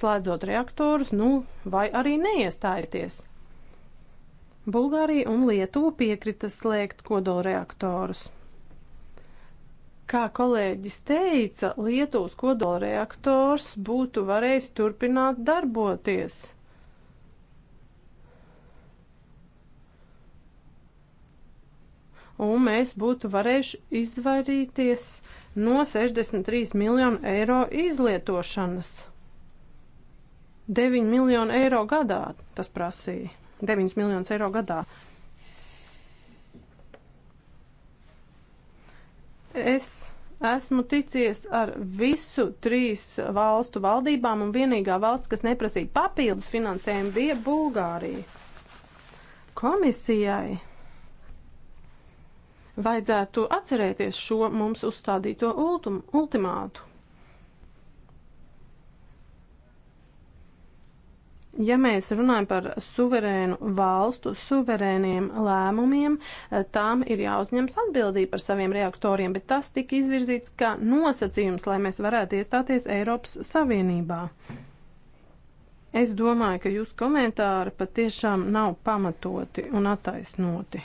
slēdzot reaktorus, nu, vai arī neiestājieties. Bulgārija un Lietuva piekrita slēgt kodolreaktorus. Kā kolēģis teica, Lietuvas kodolreaktors būtu varējis turpināt darboties. un mēs būtu varējuši izvairīties no 63 miljonu eiro izlietošanas. 9 miljonu eiro gadā tas prasīja. 9 miljonus eiro gadā. Es esmu ticies ar visu trīs valstu valdībām, un vienīgā valsts, kas neprasīja papildus finansējumu, bija Bulgārija. Komisijai Vajadzētu atcerēties šo mums uzstādīto ultum, ultimātu. ja mēs runājam par suverēnu valstu, suverēniem lēmumiem, tām ir jāuzņems atbildība par saviem reaktoriem, bet tas tika izvirzīts kā nosacījums, lai mēs varētu iestāties Eiropas Savienībā. Es domāju, ka jūsu komentāri patiešām nav pamatoti un attaisnoti.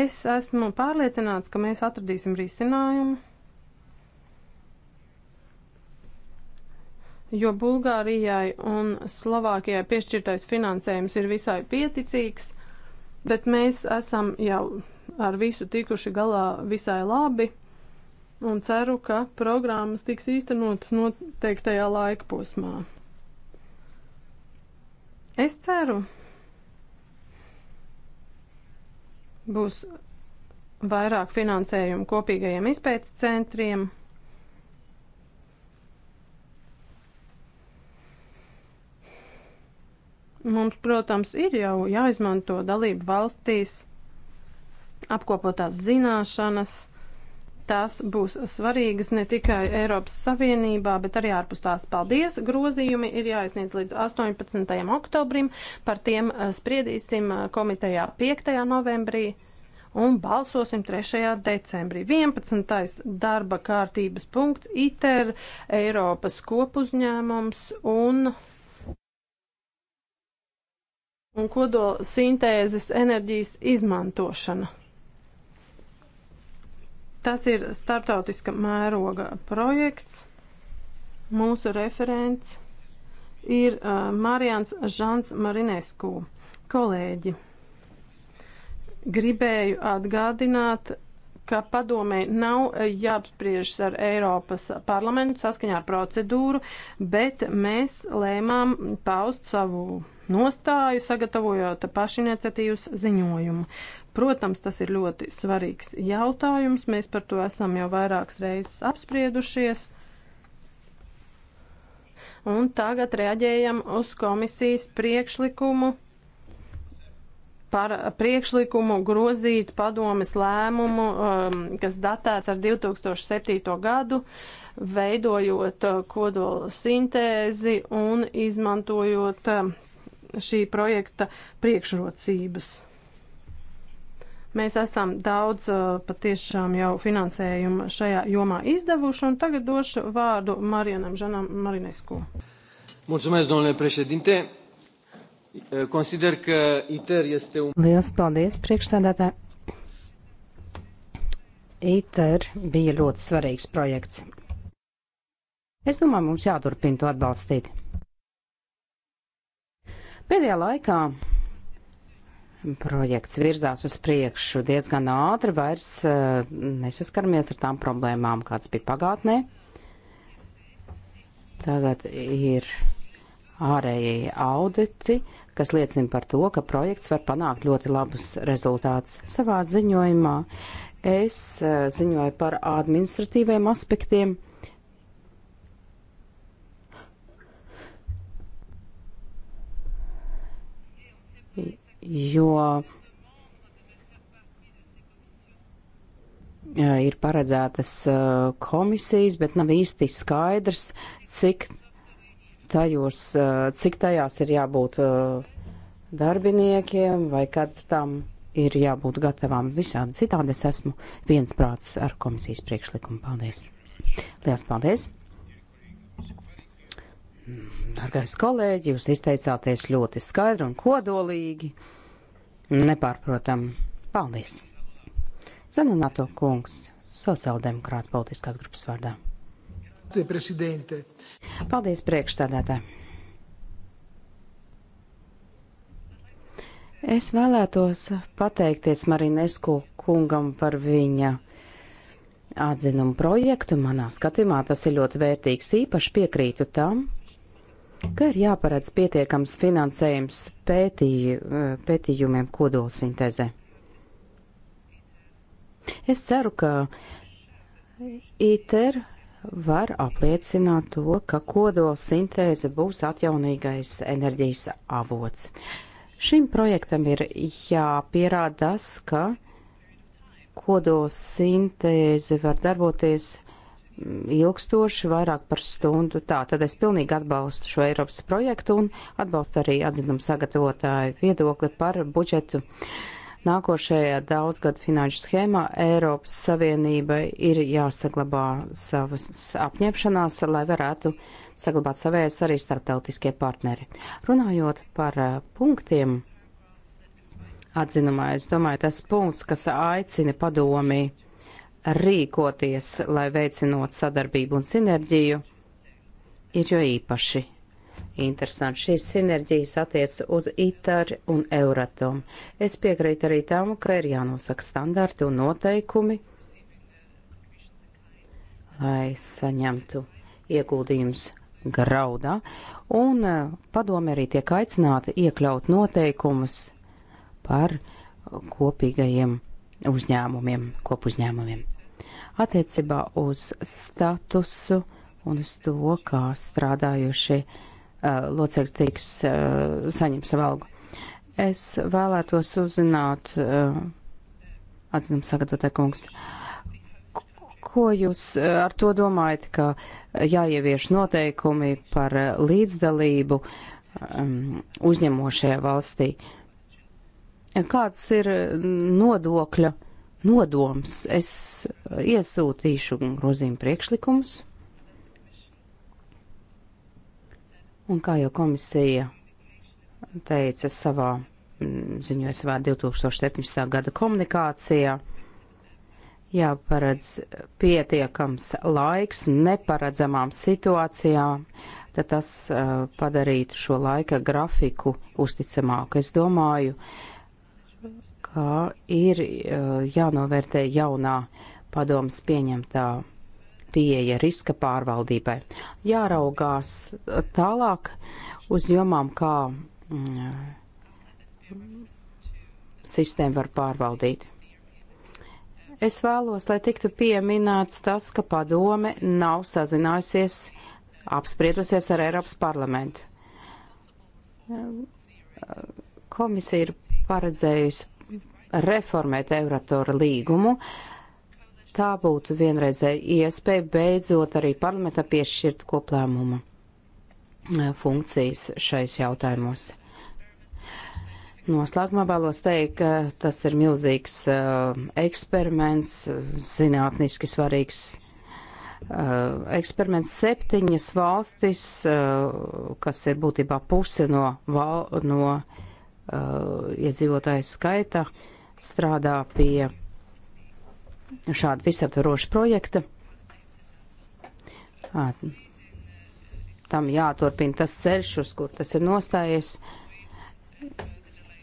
Es esmu pārliecināts, ka mēs atradīsim risinājumu, jo Bulgārijai un Slovākijai piešķirtais finansējums ir visai pieticīgs, bet mēs esam jau ar visu tikuši galā visai labi un ceru, ka programmas tiks īstenotas noteiktajā laika posmā. Es ceru, Būs vairāk finansējumu kopīgajiem izpētes centriem. Mums, protams, ir jau jāizmanto dalību valstīs apkopotās zināšanas tās būs svarīgas ne tikai Eiropas Savienībā, bet arī ārpus tās. Paldies! Grozījumi ir jāizniedz līdz 18. oktobrim. Par tiem eh, spriedīsim eh, komitejā 5. novembrī un balsosim 3. decembrī. 11. darba kārtības punkts ITER, Eiropas kopuzņēmums un. Un kodola sintēzes enerģijas izmantošana. Tas ir startautiska mēroga projekts. Mūsu referents ir uh, Marijans Žants Marinesku. Kolēģi, gribēju atgādināt, ka padomē nav jāapspriežas ar Eiropas parlamentu saskaņā ar procedūru, bet mēs lēmām paust savu nostāju, sagatavojot pašiniciatīvas ziņojumu. Protams, tas ir ļoti svarīgs jautājums. Mēs par to esam jau vairākas reizes apspriedušies. Un tagad reaģējam uz komisijas priekšlikumu par priekšlikumu grozīt padomes lēmumu, um, kas datēts ar 2007. gadu, veidojot uh, kodola sintēzi un izmantojot um, šī projekta priekšrocības. Mēs esam daudz uh, patiešām jau finansējumu šajā jomā izdevuši, un tagad došu vārdu Marianam Žanam Marinesku. Mulțumesc, domnule președinte. Consider că ITER este un... Liels paldies, priekšsēdētāji. ITER bija ļoti svarīgs projekts. Es domāju, mums jāturpina to atbalstīt. Pēdējā laikā projekts virzās uz priekšu diezgan ātri, vairs uh, nesaskaramies ar tām problēmām, kāds bija pagātnē. Tagad ir ārējie auditi, kas liecina par to, ka projekts var panākt ļoti labus rezultātus savā ziņojumā. Es uh, ziņoju par administratīviem aspektiem. Yeah jo ir paredzētas komisijas, bet nav īsti skaidrs, cik, tajos, cik tajās ir jābūt darbiniekiem vai kad tam ir jābūt gatavām visādi citādi. Es esmu viensprāts ar komisijas priekšlikumu. Paldies! Lielas paldies! Dargais kolēģi, jūs izteicāties ļoti skaidri un kodolīgi. Nepārprotam. Paldies! Zanonato kungs, sociāldemokrāta politiskās grupas vārdā. Paldies, priekšstādātāji! Es vēlētos pateikties Marinesku kungam par viņa atzinumu projektu. Manā skatījumā tas ir ļoti vērtīgs. Īpaši piekrītu tam, ka ir jāparedz pietiekams finansējums pētī, eh, pētījumiem kodolsintezē. Es ceru, ka ITER var apliecināt to, ka kodola sintēze būs atjaunīgais enerģijas avots. Šim projektam ir jāpierādas, ka kodola sintēze var darboties ilgstoši, vairāk par stundu. Tā tad es pilnīgi atbalstu šo Eiropas projektu un atbalstu arī atzinumu sagatavotāju viedokli par budžetu. Nākošajā daudzgadu finanšu schēmā Eiropas Savienībai ir jāsaglabā savas apņemšanās, lai varētu saglabāt savējas arī starptautiskie partneri. Runājot par eh, punktiem atzinumā, es domāju, tas punkts, kas aicina padomī rīkoties, lai veicinot sadarbību un sinerģiju, ir jo īpaši interesanti. Šīs sinerģijas attiec uz ITAR un Euratom. Es piekrītu arī tam, ka ir jānosaka standarti un noteikumi, lai saņemtu ieguldījums graudā, un eh, padomi arī tiek aicināti iekļaut noteikumus par kopīgajiem uzņēmumiem, kopuzņēmumiem attiecībā uz statusu un uz to, kā strādājošie uh, locekļi tiks uh, saņem savu algu. Es vēlētos uzzināt, uh, atzinam sagatavotāju kungs, ko jūs uh, ar to domājat, ka jāievieš noteikumi par uh, līdzdalību um, uzņemošajā valstī? Kāds ir uh, nodokļa? Uh, nodoms. Es uh, iesūtīšu grozījumu priekšlikumus. Un kā jau komisija teica savā mm, ziņoja savā 2017. gada komunikācijā, jāparedz pietiekams laiks neparedzamām situācijām, tad tas uh, padarītu šo laika grafiku uzticamāku. Es domāju, uh, ka ir eh, jānovērtē jaunā padomas pieņemtā pieeja riska pārvaldībai. Jāraugās tālāk uz jomām, kā mm, sistēma var pārvaldīt. Es vēlos, lai tiktu pieminēts tas, ka padome nav sazinājusies, apspriedusies ar Eiropas parlamentu. Komisija ir paredzējusi reformēt Euratora līgumu. Tā būtu vienreizēja iespēja beidzot arī parlamenta piešķirt koplēmuma eh, funkcijas šais jautājumos. Noslēgumā vēlos teikt, ka tas ir milzīgs uh, eksperiments, zinātniski svarīgs uh, eksperiments. Septiņas valstis, uh, kas ir būtībā puse no, val, no uh, iedzīvotāju skaita, uh, strādā pie šāda visaptvaroša projekta. Tam jāturpina tas ceļš, uz kur tas ir nostājies.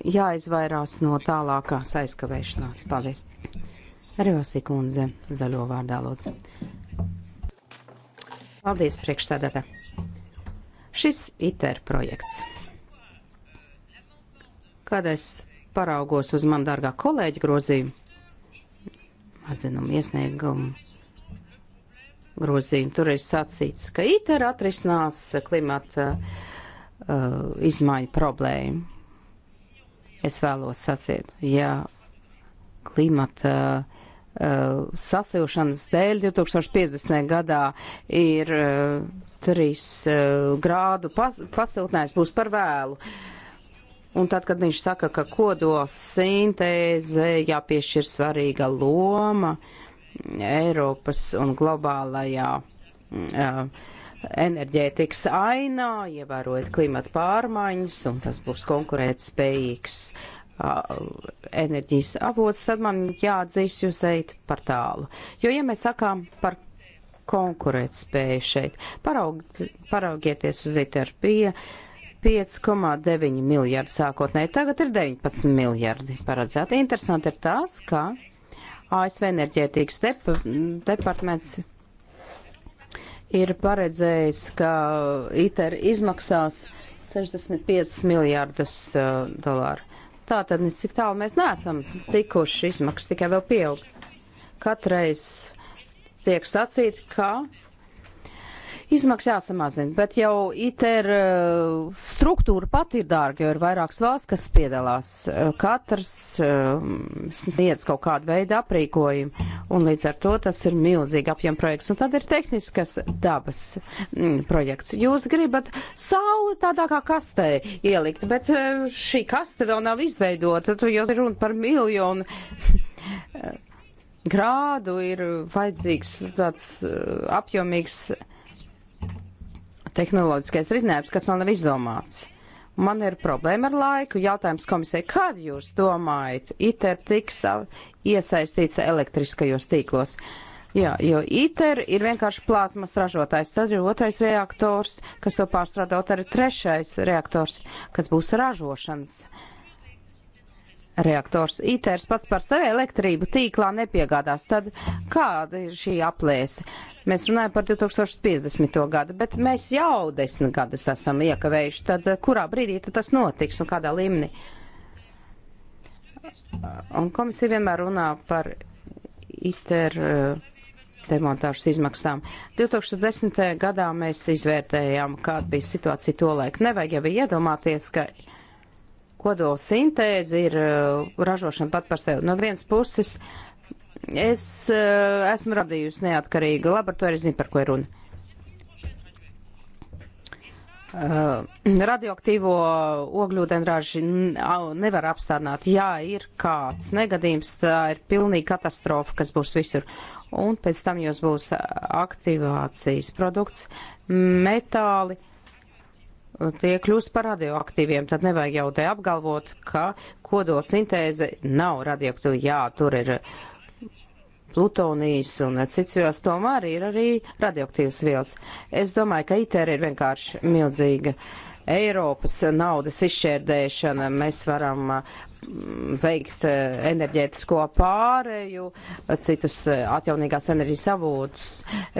Jāizvairās no tālākās aizkavēšanās. Paldies! Revasī kundze, zaļo vārdā lūdzu. Paldies, priekšstādātā. Šis ITER projekts. Kad es paraugos uz man dārgā kolēģa grozījumu, mazinumu iesniegumu grozījumu, tur ir sacīts, ka ITER atrisinās klimata uh, izmaiņu problēmu. Es vēlos sacīt, ja klimata uh, sasilšanas dēļ 2050. gadā ir uh, 3 uh, grādu pas pasiltnēs, būs par vēlu. Uh, Un tad, kad viņš saka, ka kodola sintēze jāpiešķir svarīga loma Eiropas un globālajā uh, enerģētikas ainā, ievērojot klimata pārmaiņas, un tas būs konkurētspējīgs uh, enerģijas avots, tad man jāatzīst jūs eit par tālu. Jo, ja mēs sakām par konkurētspēju šeit, paraug, paraugieties uz ITRP, uh, 5,9 miljardi sākotnēji, tagad ir 19 miljardi paredzēti. Interesanti ir tas, ka ASV enerģētīgas dep departaments ir paredzējis, ka ITER izmaksās 65 miljārdus uh, dolāru. Tātad, cik tālu mēs neesam tikuši, izmaksas tikai vēl pieaug. Katreiz tiek sacīt, ka Izmaksas jāsamazina, bet jau ITER eh, struktūra pati ir dārga, jo ir vairākas valsts, kas piedalās. Eh, katrs eh, sniedz kaut kādu veidu aprīkojumu, un līdz ar to tas ir milzīgi apjom projekts. Un tad ir tehniskas dabas mm, projekts. Jūs gribat sauli tādā kā kastē ielikt, bet šī kaste vēl nav izveidota, tu jau runa par miljonu grādu ir vajadzīgs tāds apjomīgs tehnoloģiskais risinājums, kas vēl nav izdomāts. Man ir problēma ar laiku. Jautājums komisijai, kad jūs domājat, ITER tiks iesaistīts elektriskajos tīklos? Jā, jo ITER ir vienkārši plāzmas ražotājs, tad ir otrais reaktors, kas to pārstrādāt, arī trešais reaktors, kas būs ražošanas uh, reaktors. ITERS pats par sevi elektrību tīklā nepiegādās. Tad kāda ir šī aplēse? Mēs runājam par 2050. gadu, bet mēs jau desmit gadus esam iekavējuši. Tad eh, kurā brīdī tad tas notiks un kādā līmenī? Un komisija vienmēr runā par ITER eh, demontāžas izmaksām. 2010. gadā mēs izvērtējām, kāda bija situācija tolaik. Nevajag jau iedomāties, ka kodola sintēze ir uh, ražošana pat par sevi. No vienas puses, es uh, esmu radījusi neatkarīga laboratorija, zinu, par ko ir runa. Uh, radioaktīvo ogļūdenraži nevar apstādināt. Jā, ir kāds negadījums, tā ir pilnīga katastrofa, kas būs visur. Un pēc tam jūs būs aktivācijas produkts, metāli, tie kļūst par radioaktīviem, tad nevajag jau te apgalvot, ka kodola sintēze nav radioaktīva. Jā, tur ir plutonijas un cits vielas, tomēr ir arī radioaktīvas vielas. Es domāju, ka ITER ir vienkārši milzīga. Eiropas naudas izšķērdēšana, mēs varam veikt eh, enerģētisko pāreju, citus eh, atjaunīgās enerģijas avotus.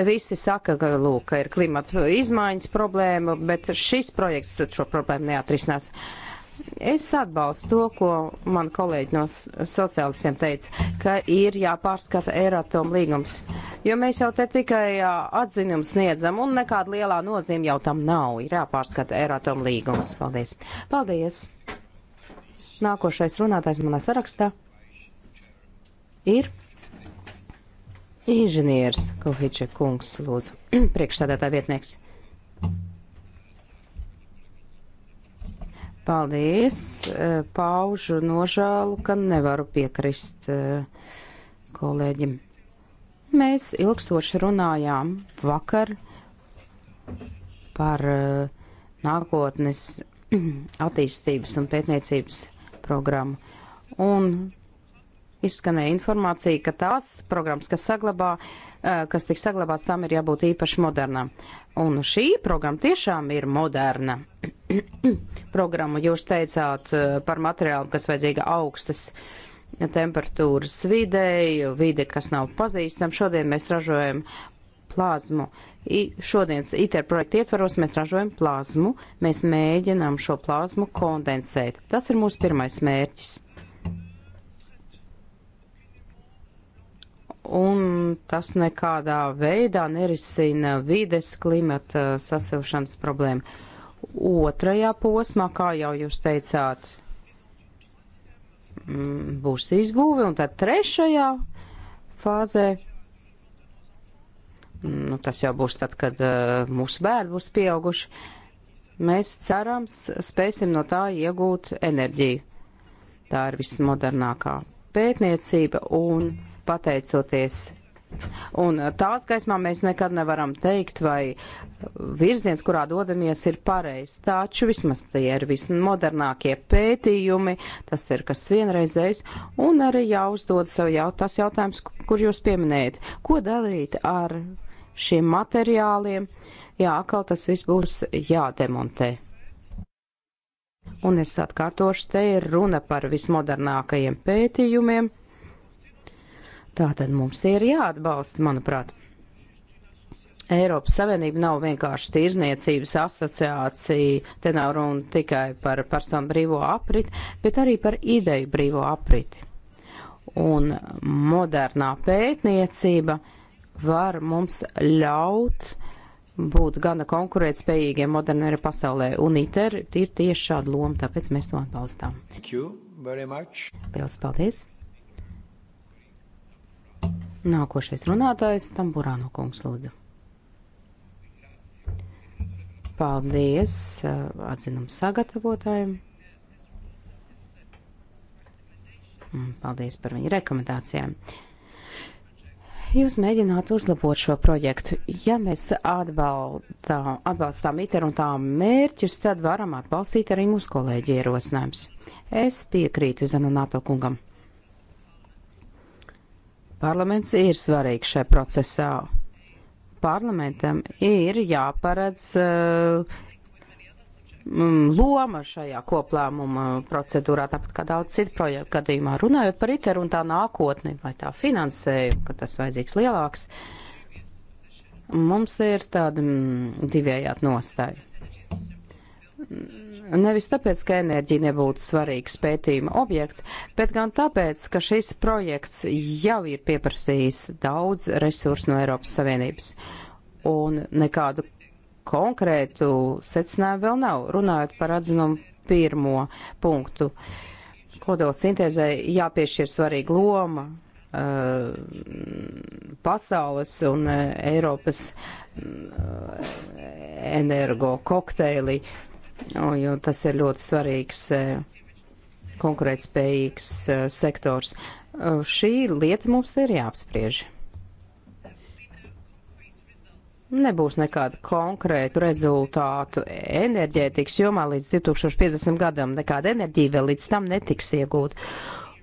Visi saka, ka, lūk, ka ir klimata izmaiņas problēma, bet šis projekts šo problēmu neatrisinās. Es atbalstu to, ko man kolēģi no sociālistiem teica, ka ir jāpārskata Eiratom līgums, jo mēs jau te tikai atzinumu sniedzam un nekāda lielā nozīme jau tam nav. Ir jāpārskata Eiratom līgums. Paldies! Paldies! Nākošais runātājs manā sarakstā ir inženieris Kohiče kungs, lūdzu, priekšstādātā vietnieks. Paldies, eh, paužu nožēlu, ka nevaru piekrist eh, kolēģim. Mēs ilgstoši runājām vakar par eh, nākotnes attīstības un pētniecības programmu. Un izskanēja informācija, ka tās programmas, kas saglabā, eh, kas tiks saglabāts, tam ir jābūt īpaši modernām. Un šī programma tiešām ir moderna. programma jūs teicāt eh, par materiālu, kas vajadzīga augstas temperatūras videi, vide, kas nav pazīstama. Šodien mēs ražojam plazmu šodienas ITER projekta ietvaros mēs ražojam plazmu, mēs mēģinām šo plazmu kondensēt. Tas ir mūsu pirmais mērķis. Un tas nekādā veidā nerisina vides klimata sasilšanas problēmu. Otrajā posmā, kā jau jūs teicāt, mm, būs izbūve, un tad trešajā fāzē nu, tas jau būs tad, kad uh, mūsu bērni būs pieauguši, mēs cerams spēsim no tā iegūt enerģiju. Tā ir vismodernākā pētniecība un pateicoties. Un eh, tās gaismā mēs nekad nevaram teikt, vai virziens, kurā dodamies, ir pareizs. Taču vismaz tie ir vismodernākie pētījumi, tas ir kas vienreizējs, un arī jāuzdod sev jau tas jautājums, kur jūs pieminējat, ko darīt ar šiem materiāliem. Jā, atkal tas viss būs jādemontē. Un es atkārtošu, te ir runa par vismodernākajiem pētījumiem. Tātad mums tie ir jāatbalsta, manuprāt. Eiropas Savienība nav vienkārši tirzniecības asociācija, te nav runa tikai par personu brīvo apriti, bet arī par ideju brīvo apriti. Un modernā pētniecība var mums ļaut būt gana konkurētspējīgiem modernajā pasaulē, un ITER ir tieši šāda loma, tāpēc mēs to atbalstām. Lielas paldies! Nākošais runātājs Tamburāno kungs lūdzu. Paldies uh, atzinumu sagatavotājiem. Paldies par viņu rekomendācijām. Uh, jūs mēģināt uzlabot šo projektu. Ja mēs atbaltām, atbalstām ITER un tā mērķus, tad varam atbalstīt arī mūsu kolēģi ierosinājums. Es piekrītu Zenonato kungam. Parlaments ir svarīgs šajā procesā. Parlamentam ir jāparedz uh, Mm, loma šajā koplēmuma procedūrā, tāpat kā daudz citu projektu gadījumā. Runājot par ITER un tā nākotni vai tā finansējumu, ka tas vajadzīgs lielāks, mums ir tāda mm, divējāta nostāja. Mm, nevis tāpēc, ka enerģija nebūtu svarīgs pētījuma objekts, bet gan tāpēc, ka šis projekts jau ir pieprasījis daudz resursu no Eiropas Savienības. Un nekādu konkrētu secinājumu vēl nav. Runājot par atzinumu pirmo punktu, kodola sintēzē jāpiešķir svarīga loma uh, pasaules un uh, Eiropas uh, energo kokteili, jo tas ir ļoti svarīgs konkurētspējīgs sektors. Šī lieta mums ir jāapspriež nebūs nekādu konkrētu rezultātu enerģētikas jomā līdz 2050 gadam. Nekāda enerģija vēl līdz tam netiks iegūta.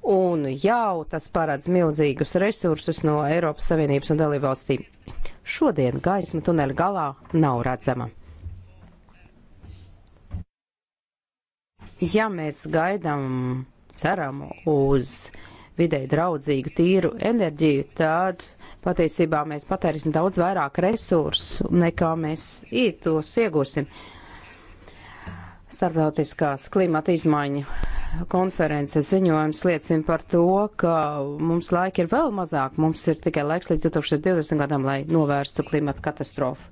Un jau tas parāds milzīgus resursus no Eiropas Savienības un dalībvalstīm. Šodien gaisma tuneļa galā nav redzama. Ja mēs gaidām, ceram uz vidē draudzīgu, tīru enerģiju, tad Patiesībā mēs patērīsim daudz vairāk resursu, nekā mēs tos iegūsim. Starptautiskās klimata izmaiņu konferences ziņojums liecina par to, ka mums laika ir vēl mazāk. Mums ir tikai laiks līdz 2020 gadam, lai novērstu klimata katastrofu.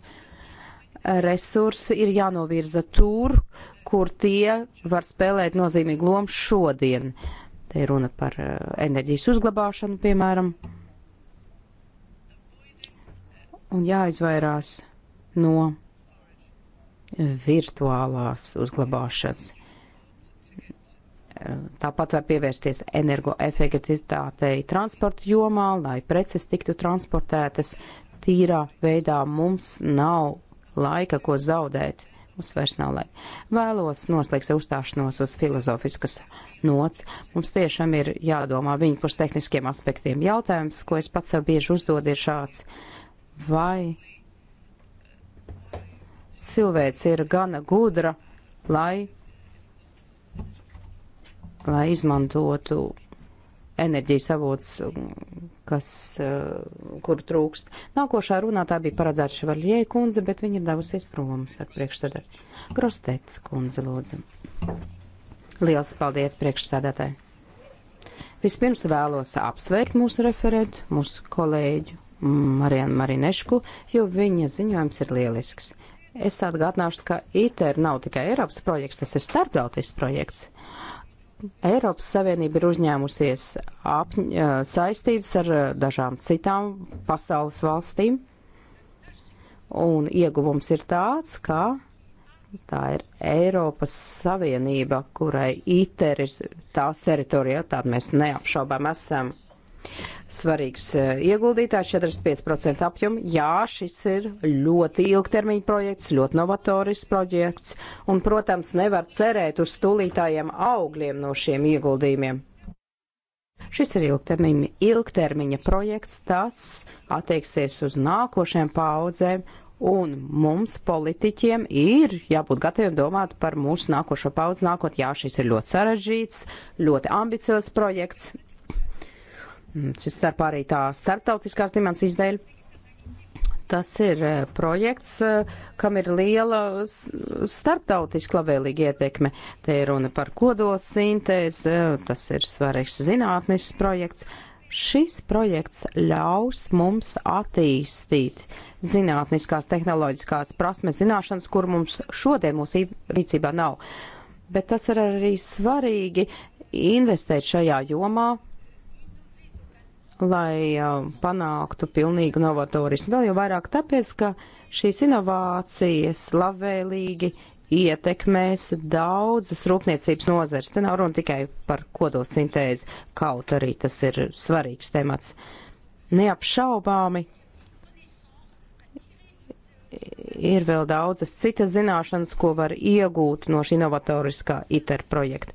Resursi ir jānovirza tur, kur tie var spēlēt nozīmīgu lomu šodien. Te ir runa par eh, enerģijas uzglabāšanu, piemēram un jāizvairās no virtuālās uzglabāšanas. Tāpat var pievērsties energoefektivitātei transporta jomā, lai preces tiktu transportētas tīrā veidā. Mums nav laika, ko zaudēt. Mums vairs nav laika. Vēlos noslēgt uzstāšanos uz filozofiskas nots. Mums tiešām ir jādomā viņu pus tehniskiem aspektiem. Jautājums, ko es pats sev bieži uzdodu, ir šāds. Uh, vai cilvēks ir gana gudra, lai, lai izmantotu enerģijas avots, um, kas, uh, kur trūkst. Nākošā runātā bija paredzēta Ševaļie kundze, bet viņa ir devusies prom, saka priekšsēdētāji. Grostēt kundze, lūdzu. Liels paldies priekšsēdētāji. Vispirms vēlos apsveikt mūsu referentu, mūsu kolēģu Marianu Marinešku, jo viņa ziņojums ir lielisks. Es atgādināšu, ka ITER nav tikai Eiropas projekts, tas ir starptautisks projekts. Eiropas Savienība ir uzņēmusies apņ, saistības ar dažām citām pasaules valstīm, un ieguvums ir tāds, ka tā ir Eiropas Savienība, kurai ITER ir tās teritorijā, tāda mēs neapšaubām esam svarīgs eh, ieguldītājs 45% apjomu. Jā, šis ir ļoti ilgtermiņa projekts, ļoti novatorisks projekts, un, protams, nevar cerēt uz tūlītājiem augļiem no šiem ieguldījumiem. Šis ir ilgtermiņa, ilgtermiņa projekts, tas attieksies uz nākošajām paudzēm, un mums, politiķiem, ir jābūt gataviem domāt par mūsu nākošo paudzi nākotnē. Jā, šis ir ļoti sarežģīts, ļoti ambiciozs projekts, Mm, citstarp arī tā starptautiskās dimensijas dēļ. Tas ir eh, projekts, eh, kam ir liela starptautiski labvēlīga ietekme. Te ir runa par kodols sintēzi, eh, tas ir svarīgs zinātnis projekts. Šis projekts ļaus mums attīstīt zinātniskās tehnoloģiskās prasmes zināšanas, kur mums šodien mūsu rīcībā nav. Bet tas ir arī svarīgi investēt šajā jomā, lai uh, panāktu pilnīgu novatorismu. Vēl jau vairāk tāpēc, ka šīs inovācijas labvēlīgi ietekmēs daudzas rūpniecības nozars. Te nav runa tikai par kodolsintēzi, kaut arī tas ir svarīgs temats. Neapšaubāmi ir vēl daudzas citas zināšanas, ko var iegūt no šī novatoriskā ITER projekta.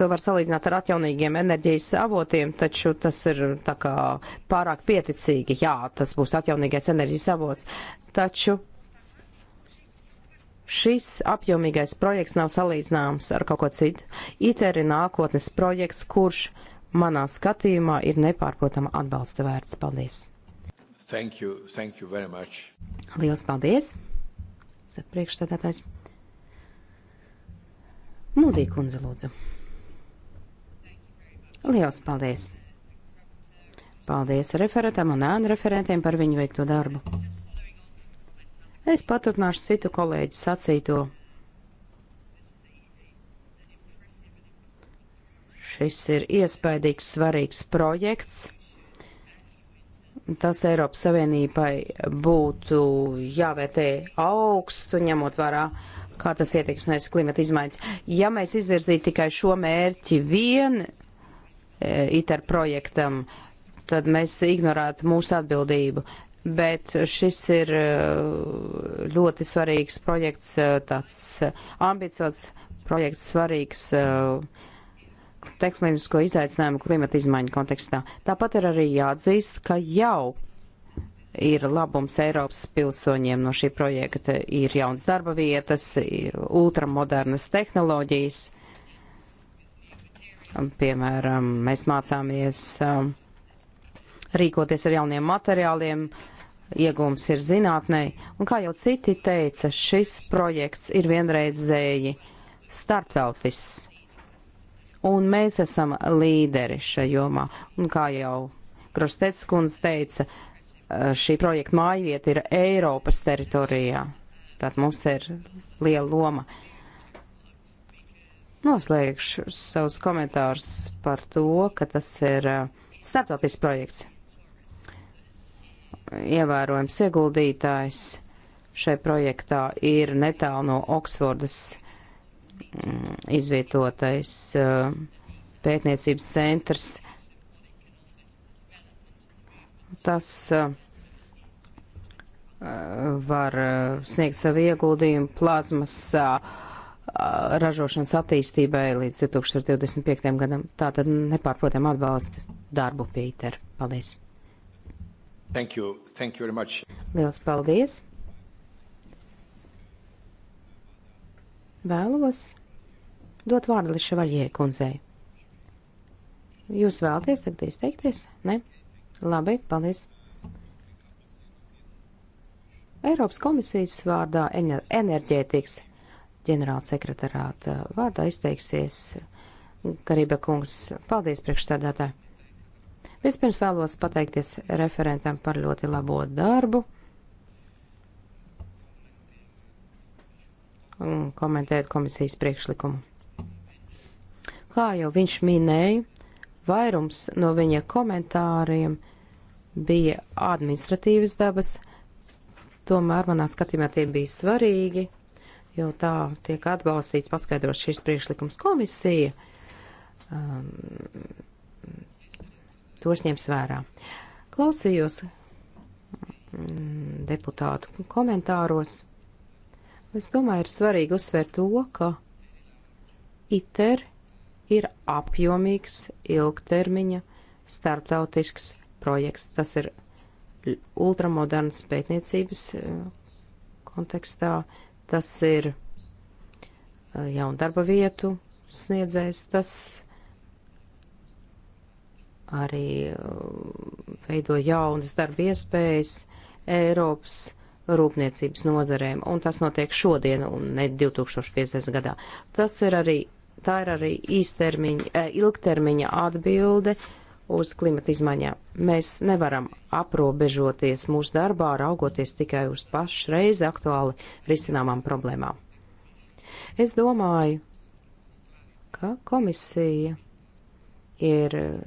To var salīdzināt ar atjaunīgiem enerģijas avotiem, taču tas ir tā kā pārāk pieticīgi. Jā, tas būs atjaunīgais enerģijas avots, taču šis apjomīgais projekts nav salīdzināms ar kaut ko citu. ITER ir nākotnes projekts, kurš manā skatījumā ir nepārprotama atbalsta vērts. Paldies! Thank you, thank you very much. Lielas paldies! Saka priekšstādātājs. Mūdī kundze lūdzu. Lielas paldies! Paldies referentam un ēnu referentiem par viņu veikto darbu. Es paturpināšu citu kolēģu sacīto. Šis ir iespaidīgs, svarīgs projekts. Tas Eiropas Savienībai būtu jāvērtē augstu, ņemot vērā, kā tas ietekmēs klimata izmaiņas. Ja mēs izvirzītu tikai šo mērķi vien, E, ITER projektam, tad mēs ignorētu mūsu atbildību. Bet šis ir e, ļoti svarīgs projekts, e, tāds ambiciozs projekts, svarīgs tehnoloģisko izaicinājumu klimata izmaiņu kontekstā. Tāpat ir arī jāatzīst, ka jau ir labums Eiropas pilsoņiem no šī projekta, ir jauns darba vietas, ir ultramodernas tehnoloģijas Piemēram, mēs mācāmies um, rīkoties ar jauniem materiāliem, iegūms ir zinātnē, un kā jau citi teica, šis projekts ir vienreizēji starptautis, un mēs esam līderi šajā jomā, un kā jau Krustets kundze teica, uh, šī projekta mājvieta ir Eiropas teritorijā, tātad mums ir liela loma noslēgšu savus komentārus par to, ka tas ir uh, starptautisks projekts. Ievērojams ieguldītājs šai projektā ir netālu no Oksfordas mm, izvietotais uh, pētniecības centrs. Tas uh, var sniegt savu ieguldījumu plazmas uh, ražošanas attīstībai līdz 2025. gadam. Tā tad nepārprotam atbalsta darbu, Pīter. Paldies! Thank you. Thank you very much. Liels paldies! Vēlos dot vārdu Lišavaļie kundzei. Jūs vēlaties tagad izteikties? Ne? Labi, paldies! Eiropas komisijas vārdā enerģētikas ģenerāla sekretārāta vārdā izteiksies Karība kungs. Paldies, priekšstādātāji! Vispirms vēlos pateikties referentam par ļoti labo darbu. Un komentēt komisijas priekšlikumu. Kā jau viņš minēja, vairums no viņa komentāriem bija administratīvas dabas, tomēr manā skatījumā tie bija svarīgi jau tā tiek atbalstīts, paskaidros šis priekšlikums komisija, um, tos ņems vērā. Klausījos mm, deputātu komentāros. Es domāju, ir svarīgi uzsvērt to, ka ITER ir apjomīgs, ilgtermiņa, starptautisks projekts. Tas ir ultramodernas pētniecības uh, kontekstā uh, tas ir uh, jaunu darba vietu sniedzējs, tas arī uh, veido jaunas darba iespējas Eiropas rūpniecības nozarēm, un tas notiek šodien un ne 2050. gadā. Tas ir arī, tā ir arī īstermiņa, uh, ilgtermiņa atbilde uz klimata izmaiņām. Mēs nevaram aprobežoties mūsu darbā, raugoties tikai uz pašreiz aktuāli risināmām problēmām. Es domāju, ka komisija ir eh,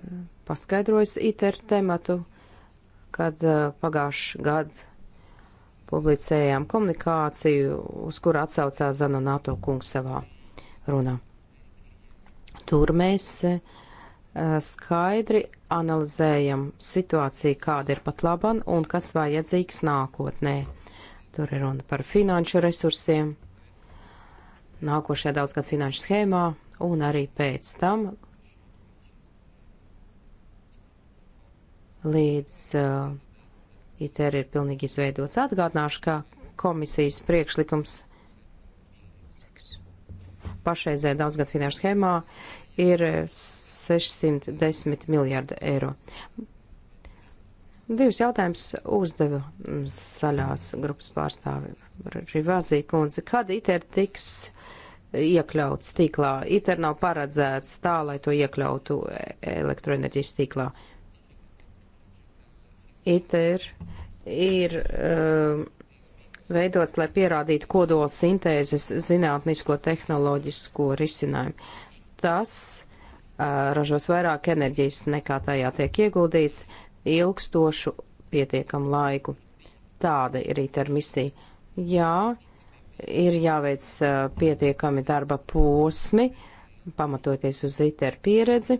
paskaidrojusi ITER tematu, kad eh, pagājuši gadu publicējām komunikāciju, uz kuru atsaucās Zana NATO kungs savā runā. Tur mēs uh, Eh, skaidri analizējam situāciju, kāda ir pat laban un kas vajadzīgs nākotnē. Tur ir runa par finanšu resursiem, nākošajā daudzgad finanšu schēmā un arī pēc tam līdz uh, eh, ITR ir pilnīgi izveidots. Atgādināšu, ka komisijas priekšlikums pašreizē daudzgad finanšu schēmā ir 610 eh, miljārdi eiro. Divus jautājumus uzdeva mm, zaļās grupas pārstāvi Rivāzī kundze. Kad ITER tiks iekļauts tīklā? ITER nav paredzēts tā, lai to iekļautu e, elektroenerģijas tīklā. ITER ir. Um, veidots, lai pierādītu kodola sintēzes zinātnisko tehnoloģisko risinājumu tas ražos vairāk enerģijas nekā tajā tiek ieguldīts ilgstošu pietiekamu laiku. Tāda ir ITER misija. Jā, ir jāveic pietiekami darba posmi, pamatoties uz ITER pieredzi,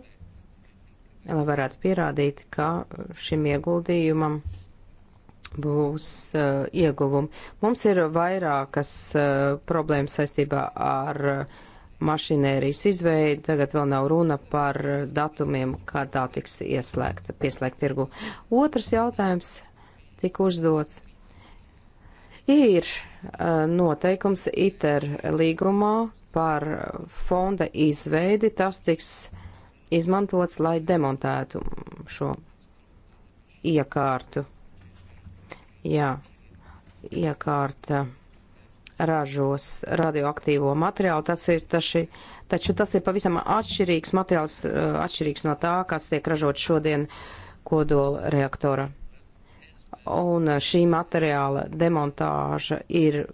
lai varētu pierādīt, ka šim ieguldījumam būs uh, ieguvumi. Mums ir vairākas uh, problēmas saistībā ar uh, mašinērijas izveidi, tagad vēl nav runa par datumiem, kad tā tiks ieslēgta, pieslēgta tirgu. Otrs jautājums tika uzdots. Ir uh, noteikums ITER līgumā par fonda izveidi, tas tiks izmantots, lai demontētu šo iekārtu. Jā, iekārta ražos radioaktīvo materiālu. Tas ir taši, taču tas ir pavisam atšķirīgs materiāls, eh, atšķirīgs no tā, kas tiek ražots šodien kodola reaktora. Un eh, šī materiāla demontāža ir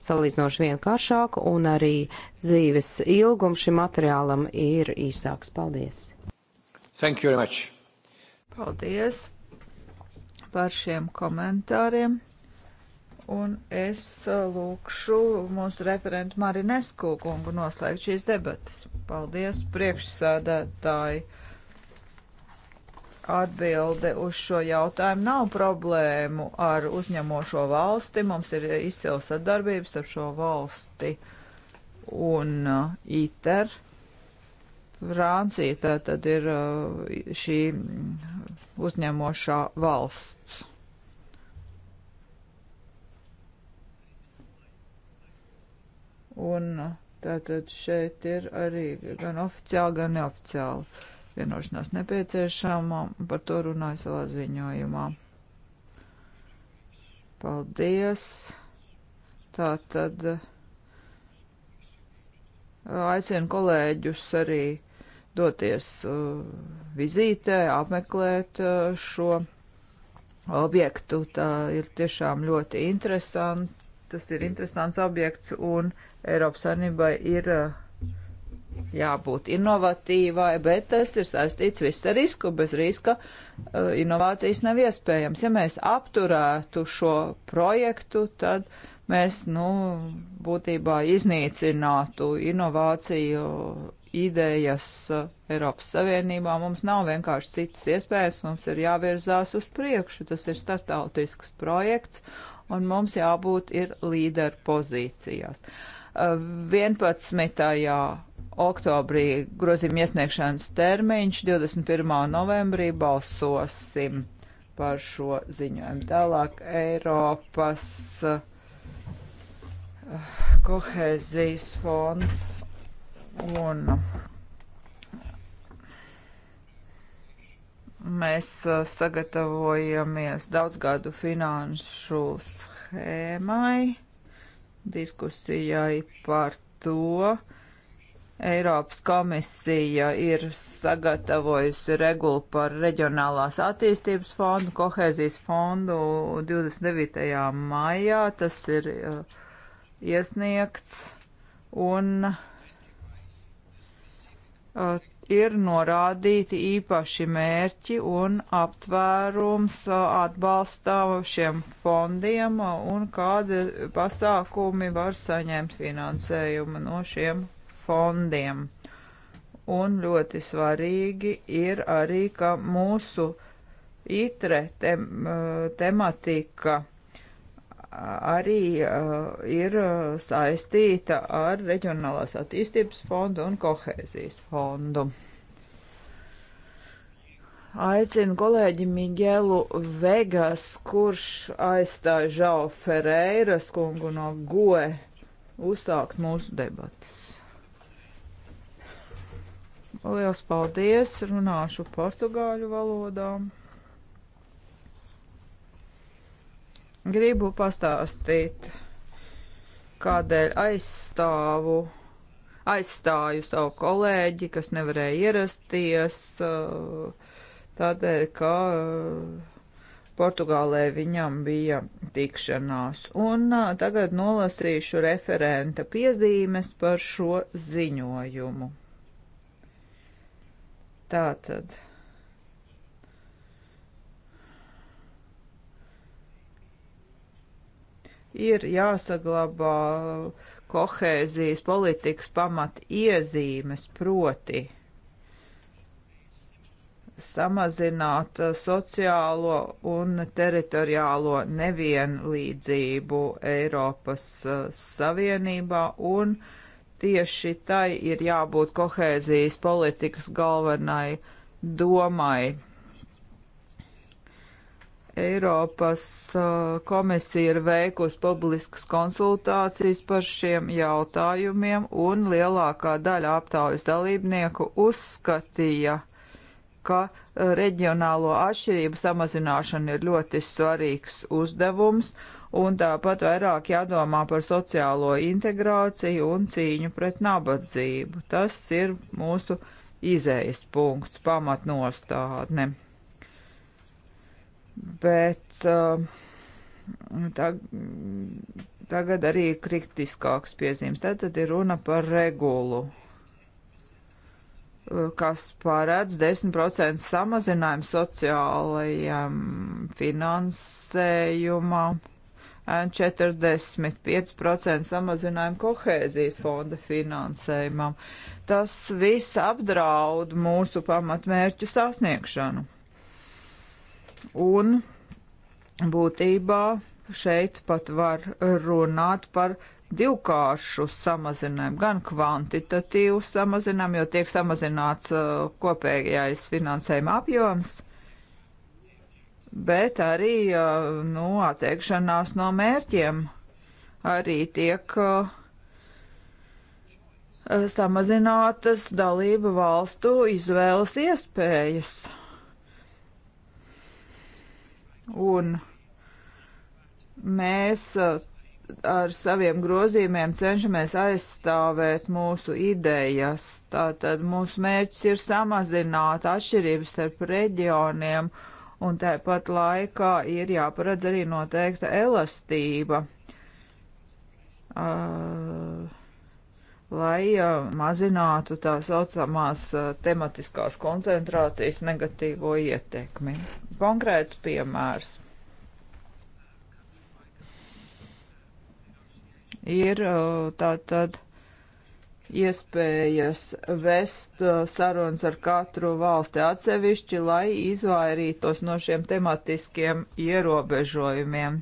salīdzinoši vienkāršāka, un arī dzīves ilgums šim materiālam ir īsāks. Paldies! Thank you very much! Paldies par šiem komentāriem! un es uh, lūkšu mūsu referentu Marinesku kungu noslēgt šīs debatas. Paldies, priekšsādātāji! Atbilde uz šo jautājumu nav problēmu ar uzņemošo valsti. Mums ir izcila sadarbības ar šo valsti un uh, ITER. Francija tā tad ir uh, šī uzņemošā valsts. Un tātad šeit ir arī gan oficiāli, gan neoficiāli vienošanās nepieciešama. Par to runāju savā ziņojumā. Paldies! Tātad aicinu kolēģus arī doties uh, vizītē, apmeklēt uh, šo objektu. Tā ir tiešām ļoti interesanti tas ir interesants objekts un Eiropas Savienībai ir eh, jābūt inovatīvai, bet tas ir saistīts viss ar risku. Bez riska eh, inovācijas nav iespējams. Ja mēs apturētu šo projektu, tad mēs, nu, būtībā iznīcinātu inovāciju idejas eh, Eiropas Savienībā. Mums nav vienkārši citas iespējas, mums ir jāvirzās uz priekšu. Tas ir startautisks projekts un mums jābūt ir līderu pozīcijās. 11. Uh, oktobrī grozījuma iesniegšanas termiņš, 21. novembrī balsosim par šo ziņojumu. Tālāk Eiropas uh, kohēzijas fonds un mēs uh, sagatavojamies daudzgadu finanšu schēmai, diskusijai par to. Eiropas komisija ir sagatavojusi regulu par reģionālās attīstības fondu, kohēzijas fondu 29. maijā. Tas ir uh, iesniegts un uh, ir norādīti īpaši mērķi un aptvērums atbalstāvošiem fondiem un kādi pasākumi var saņemt finansējumu no šiem fondiem. Un ļoti svarīgi ir arī, ka mūsu itre tem, tematika arī eh, ir eh, saistīta ar Reģionālās attīstības fondu un kohēzijas fondu. Aicinu kolēģi Migelu Vegas, kurš aizstāja Žao Ferreiras kungu no GOE, uzsākt mūsu debatas. Lielas paldies! Runāšu portugāļu valodām. Gribu pastāstīt, kādēļ aizstāvu aizstāju savu kolēģi, kas nevarēja ierasties, tādēļ, ka Portugālē viņam bija tikšanās. Un tagad nolasīšu referenta piezīmes par šo ziņojumu. Tātad. ir jāsaglabā kohēzijas politikas pamat iezīmes proti samazināt sociālo un teritoriālo nevienlīdzību Eiropas uh, Savienībā un tieši tai ir jābūt kohēzijas politikas galvenai domai Eiropas komisija ir veikusi publiskas konsultācijas par šiem jautājumiem, un lielākā daļa aptaujas dalībnieku uzskatīja, ka reģionālo atšķirību samazināšana ir ļoti svarīgs uzdevums, un tāpat vairāk jādomā par sociālo integrāciju un cīņu pret nabadzību. Tas ir mūsu izējas punkts, pamatnostādne bet uh, tā, tagad arī kritiskāks piezīmes. Tad ir runa par regulu, uh, kas paredz 10% samazinājumu sociālajiem finansējumam un 45% samazinājumu kohēzijas fonda finansējumam. Tas viss apdraud mūsu pamatmērķu sasniegšanu. Un būtībā šeit pat var runāt par divkāršu samazinājumu, gan kvantitatīvu samazinājumu, jo tiek samazināts uh, kopējais finansējuma apjoms, bet arī uh, nu, atteikšanās no mērķiem arī tiek uh, samazinātas dalība valstu izvēles iespējas un mēs eh, ar saviem grozījumiem cenšamies aizstāvēt mūsu idejas. Tātad mūsu mērķis ir samazināt atšķirības starp reģioniem, un tāpat laikā ir jāparedz arī noteikta elastība, uh, lai uh, mazinātu tā saucamās uh, tematiskās koncentrācijas negatīvo ietekmi konkrēts piemērs. Ir uh, tātad iespējas vest uh, sarunas ar katru valsti atsevišķi, lai izvairītos no šiem tematiskiem ierobežojumiem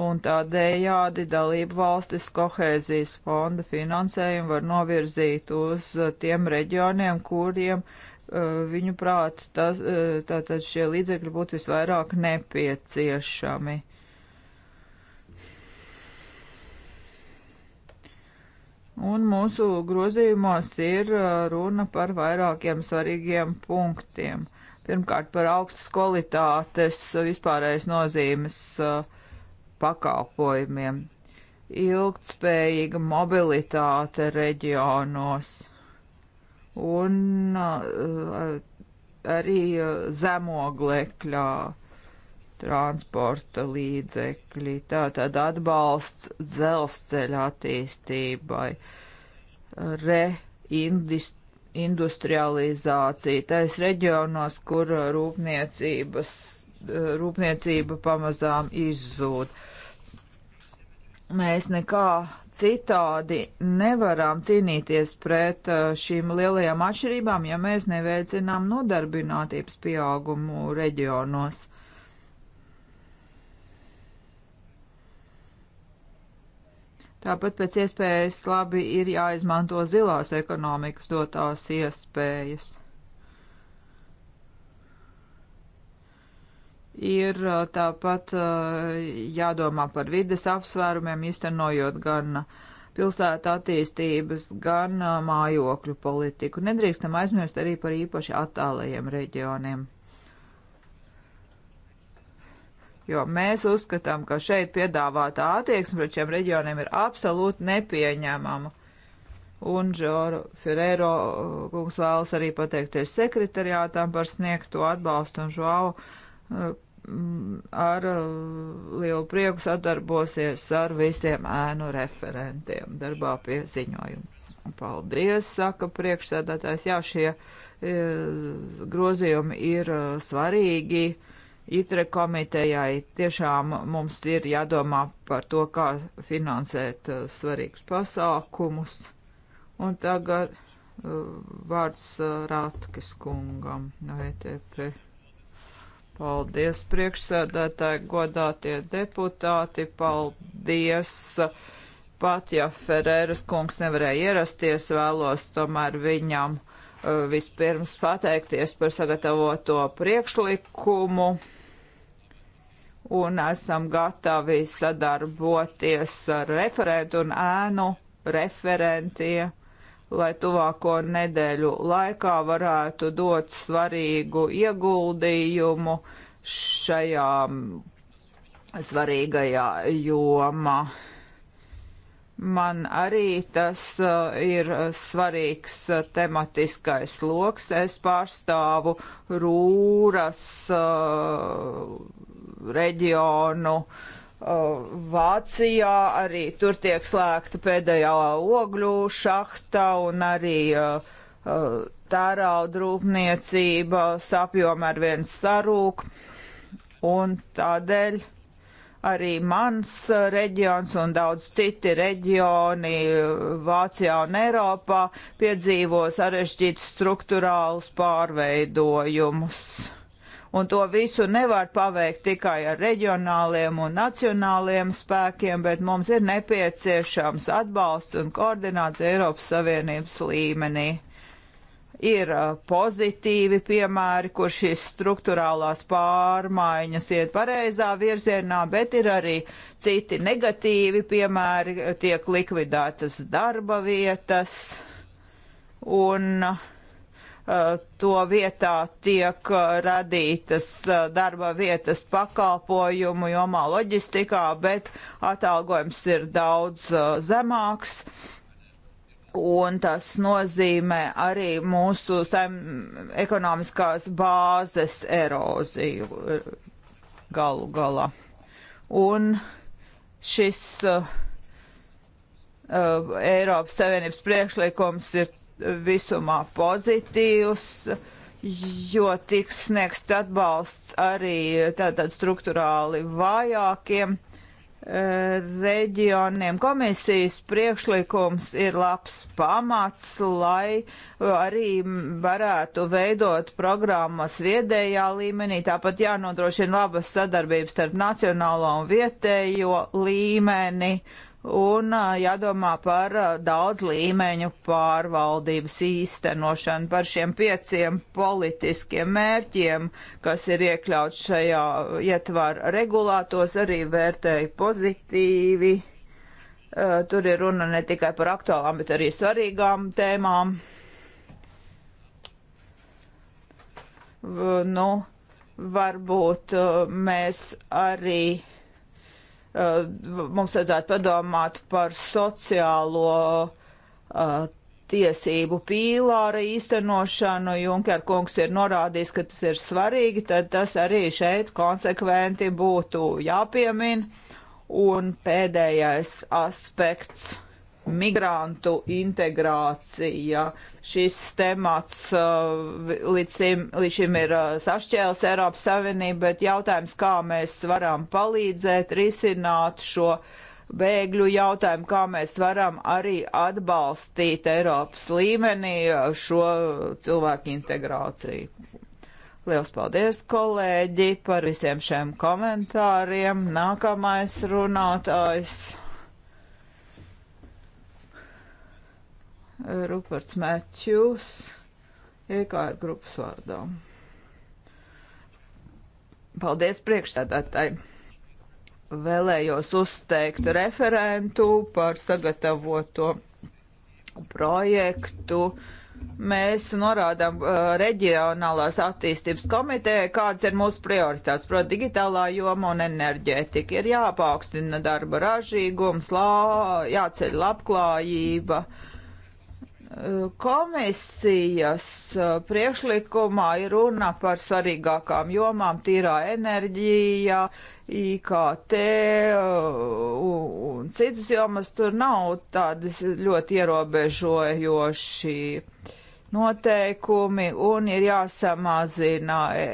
un tādējādi dalību valstis kohēzijas fonda finansējumu var novirzīt uz tiem reģioniem, kuriem Eh, viņu prāt, eh, tātad šie līdzekļi būtu visvairāk nepieciešami. Un mūsu grozījumos ir eh, runa par vairākiem svarīgiem punktiem. Pirmkārt, par augstas kvalitātes vispārējais nozīmes pakalpojumiem, ilgtspējīga mobilitāte reģionos un uh, arī uh, zemoglekļā transporta līdzekļi. Tātad atbalsts dzelzceļa attīstībai, reindustrializācija tais reģionos, kur rūpniecības, rūpniecība pamazām izzūda Mēs nekā citādi nevaram cīnīties pret uh, šīm lielajām atšķirībām, ja mēs neveicinām nodarbinātības pieaugumu reģionos. Tāpat pēc iespējas labi ir jāizmanto zilās ekonomikas dotās iespējas. Ir tāpat jādomā par vides apsvērumiem, iztenojot gan pilsēta attīstības, gan mājokļu politiku. Nedrīkstam aizmirst arī par īpaši attālajiem reģioniem. Jo mēs uzskatām, ka šeit piedāvātā attieksme pret šiem reģioniem ir absolūti nepieņēmama. Un Žoru Ferrero kungs vēlas arī pateikties sekretariātām par sniegto atbalstu un žāvu ar eh, lielu prieku sadarbosies ar visiem ēnu referentiem darbā pie ziņojuma. Paldies, saka priekšsēdētājs. Jā, šie eh, grozījumi ir eh, svarīgi. ITRE komitejai tiešām mums ir jādomā par to, kā finansēt svarīgus pasākumus. Un tagad vārds Rātkes kungam no ETP. Paldies, priekšsēdētāji, godātie deputāti, paldies. Pat ja Ferēras kungs nevarēja ierasties, vēlos tomēr viņam uh, vispirms pateikties par sagatavoto priekšlikumu un esam gatavi sadarboties ar referentu un ēnu referentiem lai tuvāko nedēļu laikā varētu dot svarīgu ieguldījumu šajā svarīgajā jomā. Man arī tas uh, ir svarīgs uh, tematiskais loks. Es pārstāvu Rūras uh, reģionu uh, Vācijā arī tur tiek slēgta pēdējā ogļu šahta un arī uh, uh, tērauda rūpniecība sapjoma ar viens sarūk. Un tādēļ arī mans uh, reģions un daudz citi reģioni Vācijā un Eiropā piedzīvo sarežģītus struktūrālus pārveidojumus un to visu nevar paveikt tikai ar reģionāliem un nacionāliem spēkiem, bet mums ir nepieciešams atbalsts un koordinācija Eiropas Savienības līmenī ir uh, pozitīvi piemēri, kur šīs struktūrālās pārmaiņas iet pareizā virzienā, bet ir arī citi negatīvi piemēri, tiek likvidētas darba vietas un uh, Eh, to vietā tiek eh, radītas eh, darba vietas pakalpojumu jomā loģistikā, bet atalgojums ir daudz zemāks. Un tas nozīmē arī mūsu saim, ekonomiskās bāzes eroziju galu galā. Un šis uh, Eiropas Savienības priekšlikums ir visumā pozitīvs, jo tiks sniegts atbalsts arī tātad struktūrāli vājākiem eh, reģioniem. Komisijas priekšlikums ir labs pamats, lai arī varētu veidot programmas viedējā līmenī. Tāpat jānodrošina labas sadarbības starp nacionālo un vietējo līmeni. Uh, un jādomā par daudz līmeņu pārvaldības īstenošanu, par šiem pieciem politiskiem mērķiem, kas ir iekļauts šajā ietvara regulā, tos arī vērtēju pozitīvi. Tur ir runa ne tikai par aktuālām, bet arī svarīgām tēmām. Nu, varbūt mēs arī Uh, mums vajadzētu padomāt par sociālo uh, tiesību pīlāra īstenošanu. Junker kungs ir norādījis, ka tas ir svarīgi, tad tas arī šeit konsekventi būtu jāpiemina. Un pēdējais aspekts migrantu integrācija. Šis temats uh, līdz, šim, līdz šim ir uh, sašķēlis Eiropas Savienību, bet jautājums, kā mēs varam palīdzēt risināt šo bēgļu jautājumu, kā mēs varam arī atbalstīt Eiropas līmenī šo cilvēku integrāciju. Liels paldies, kolēģi, par visiem šiem komentāriem. Nākamais runātājs. Ruperts Mēķjūs, EKR grupas vārdā. Paldies priekšsēdētāji! Vēlējos uzteikt referentu par sagatavoto projektu. Mēs norādām uh, reģionālās attīstības komitejai, kādas ir mūsu prioritātes, proti digitālā joma un enerģētika. Ir jāpaukstina darba ražīgums, lā, jāceļ labklājība. Uh, Komisijas eh, priekšlikumā ir runa par svarīgākām jomām - tīrā enerģija, IKT eh, un citas jomas. Tur nav tādas ļoti ierobežojoši uh, noteikumi un ir jāsamazina e,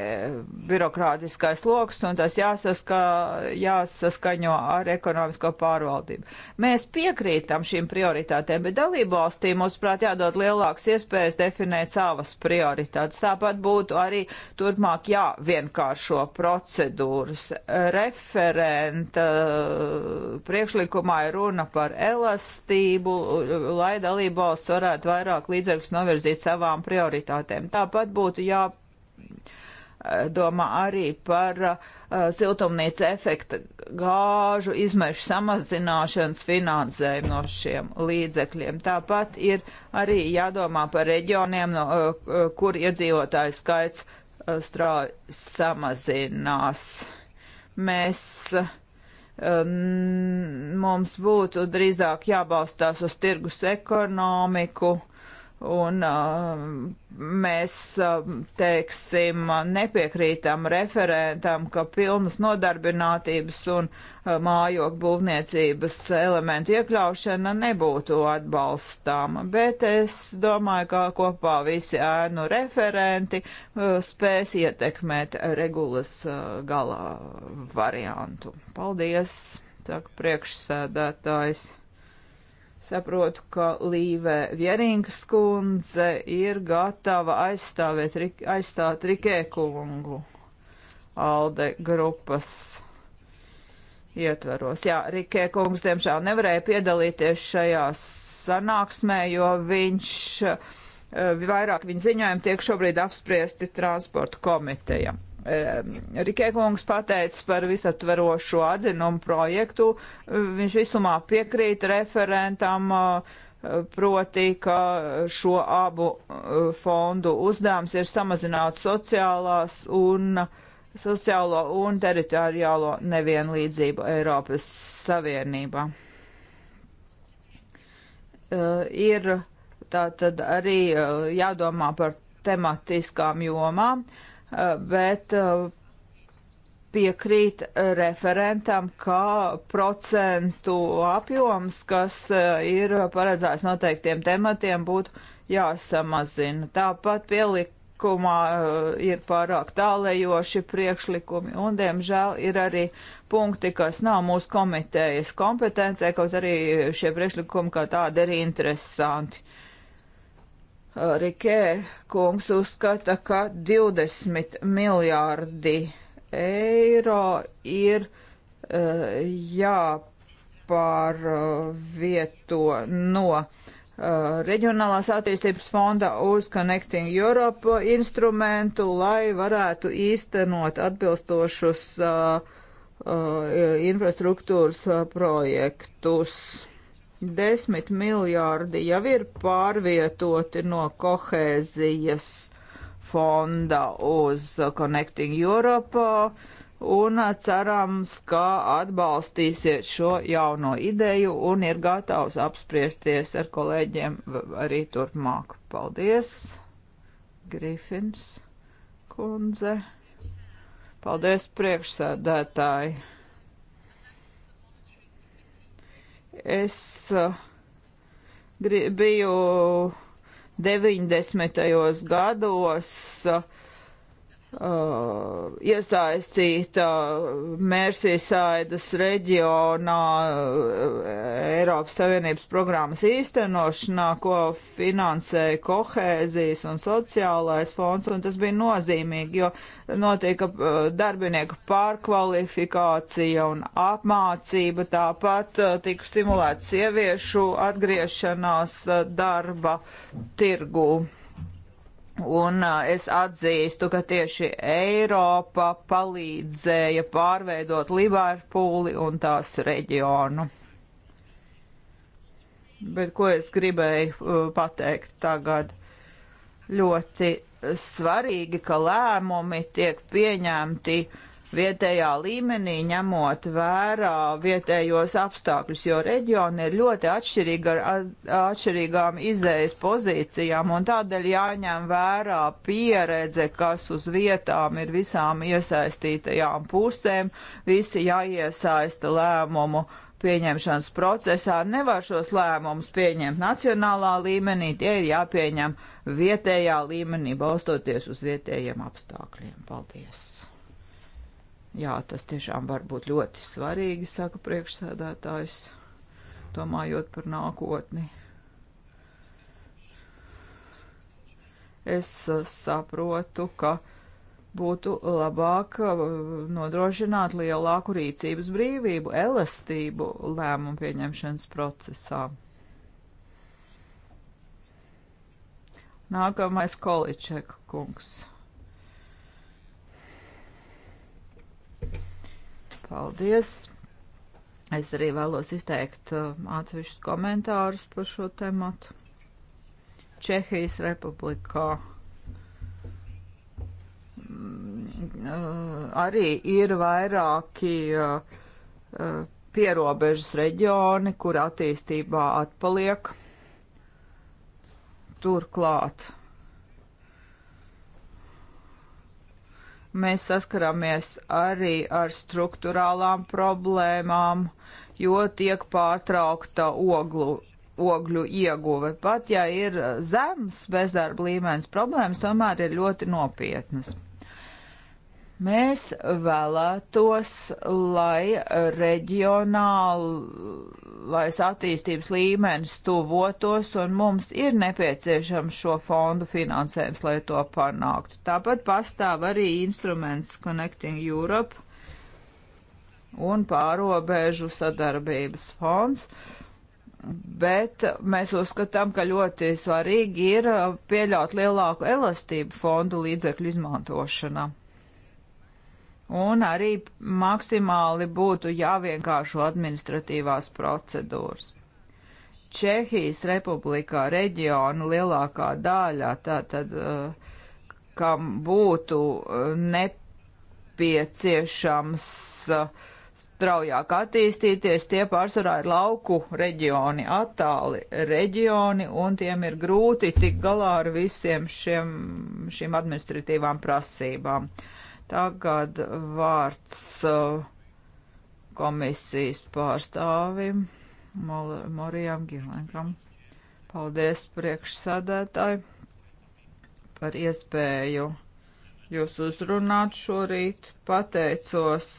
birokrātiskais lokus un tas jāsaska, jāsaskaņo ar ekonomisko pārvaldību. Mēs piekrītam šīm prioritātēm, bet dalību valstīm, mūsuprāt, jādod lielākas iespējas definēt savas prioritātes. Tāpat būtu arī turpmāk jāvienkāršo procedūras. Referenta e, priekšlikumā ir runa par elastību, lai dalību valsts varētu vairāk līdzekļus novirzīt savām prioritātēm. Tāpat būtu jā domā arī par uh, siltumnīca efekta gāžu izmešu samazināšanas finansējumu no šiem līdzekļiem. Tāpat ir arī jādomā par reģioniem, no, uh, kur iedzīvotāju skaits uh, strauji samazinās. Mēs uh, mums būtu drīzāk jābalstās uz tirgus ekonomiku, uh, Un uh, mēs, uh, teiksim, nepiekrītam referentam, ka pilnas nodarbinātības un uh, mājokļu būvniecības elementu iekļaušana nebūtu atbalstāma, bet es domāju, ka kopā visi ēnu referenti spēs ietekmēt regulas galā variantu. Paldies, saka priekšsēdētājs. Saprotu, ka Līve Vierings kundze ir gatava aizstāvēt, aizstāt Rikē kungu Alde grupas ietvaros. Jā, Rikē kungs diemžēl nevarēja piedalīties šajā sanāksmē, jo viņš eh, vairāk viņa ziņojumi tiek šobrīd apspriesti transporta komiteja. Eh, Rikēkungs pateica par visaptverošo atzinumu projektu. Viņš visumā piekrīt referentam, eh, proti, ka šo abu eh, fondu uzdevums ir samazināt sociālās un sociālo un teritoriālo nevienlīdzību Eiropas Savienībā. Ir tā tad arī jādomā par tematiskām jomām. Uh, Eh, bet eh, piekrīt referentam, ka procentu apjoms, kas eh, ir paredzēts noteiktiem tematiem, būtu jāsamazina. Tāpat pielikumā ir pārāk tālējoši priekšlikumi, un, diemžēl, ir arī punkti, kas nav mūsu komitejas kompetencē, kaut arī šie priekšlikumi kā tādi ir interesanti. Uh, Rikē kungs uzskata, ka 20 miljārdi eiro ir eh, jāpārvieto no eh, reģionālās attīstības fonda uz Connecting Europe instrumentu, lai varētu īstenot atbilstošus uh, uh, infrastruktūras projektus. Desmit miljārdi jau ir pārvietoti no kohēzijas fonda uz Connecting Europe un cerams, ka atbalstīsiet šo jauno ideju un ir gatavs apspriesties ar kolēģiem arī turpmāk. Paldies, Grifins kundze. Paldies, priekšsēdētāji. Es eh, biju 90. gados eh, Uh, iesaistīta uh, Mērsīsaidas reģionā uh, Eiropas Savienības programmas īstenošanā, ko finansēja kohēzijas un sociālais fonds, un tas bija nozīmīgi, jo notika uh, darbinieku pārkvalifikācija un apmācība, tāpat uh, tika stimulēta sieviešu atgriešanās uh, darba tirgū. Un es atzīstu, ka tieši Eiropa palīdzēja pārveidot Liverpūli un tās reģionu. Bet ko es gribēju pateikt tagad? Ļoti svarīgi, ka lēmumi tiek pieņemti uh, vietējā līmenī, ņemot vērā vietējos apstākļus, jo reģioni ir ļoti atšķirīgi ar atšķirīgām izējas pozīcijām, un tādēļ jāņem vērā pieredze, kas uz vietām ir visām iesaistītajām pusēm, visi jāiesaista lēmumu pieņemšanas procesā. Nevar šos lēmumus pieņemt nacionālā līmenī, tie ir jāpieņem vietējā līmenī, balstoties uz vietējiem apstākļiem. Paldies! Jā, tas tiešām var būt ļoti svarīgi, saka priekšsēdētājs, domājot par nākotni. Es uh, saprotu, ka būtu labāk uh, nodrošināt lielāku rīcības brīvību, elastību lēmumu pieņemšanas procesā. Nākamais količeka kungs. Paldies! Es arī vēlos izteikt uh, atsevišķus komentārus par šo tematu. Čehijas republikā mm, uh, arī ir vairāki uh, pierobežas reģioni, kur attīstībā atpaliek. Turklāt mēs saskaramies arī ar struktūrālām problēmām, jo tiek pārtraukta oglu, ogļu ieguve. Pat ja ir zems bezdarba līmenis, problēmas tomēr ir ļoti nopietnas. Mēs vēlētos, lai reģionālais attīstības līmenis tuvotos, un mums ir nepieciešams šo fondu finansējums, lai to panāktu. Tāpat pastāv arī instruments Connecting Europe un pārobežu sadarbības fonds. Bet mēs uzskatām, ka ļoti svarīgi ir pieļaut lielāku elastību fondu līdzekļu izmantošanā un arī maksimāli būtu jāvienkāršo administratīvās procedūras. Čehijas republikā reģionu lielākā daļa, tātad, eh, kam būtu eh, nepieciešams eh, straujāk attīstīties, tie pārsvarā ir lauku reģioni, attāli reģioni, un tiem ir grūti tik galā ar visiem šiem, šīm administratīvām prasībām. Uh, Tagad vārds uh, komisijas pārstāvim Morijam Girlenkam. Paldies priekšsādētāji par iespēju jūs uzrunāt šorīt. Pateicos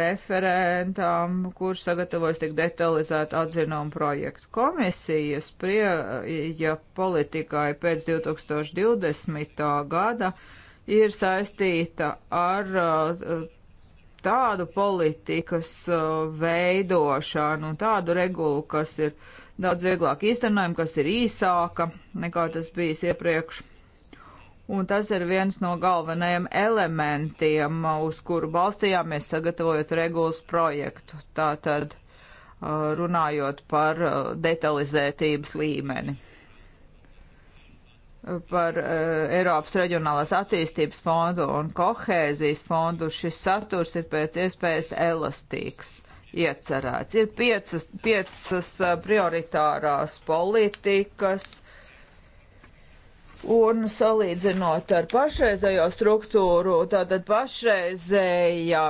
referentām, kurš sagatavojas tik detalizētu atzinumu projektu. Komisijas prieja politikai pēc 2020. gada ir saistīta ar uh, tādu politikas uh, veidošanu un tādu regulu, kas ir daudz vieglāk īstenojama, kas ir īsāka nekā tas bijis iepriekš. Un tas ir viens no galvenajiem elementiem, uh, uz kuru balstījāmies sagatavojot regulas projektu. Tātad runājot par detalizētības līmeni par uh, Eiropas reģionālās attīstības fondu un kohēzijas fondu šis saturs ir pēc iespējas elastīgs. Iecerēts. Ir piecas, piecas eh, prioritārās politikas, un salīdzinot ar pašreizējo struktūru, tātad pašreizējā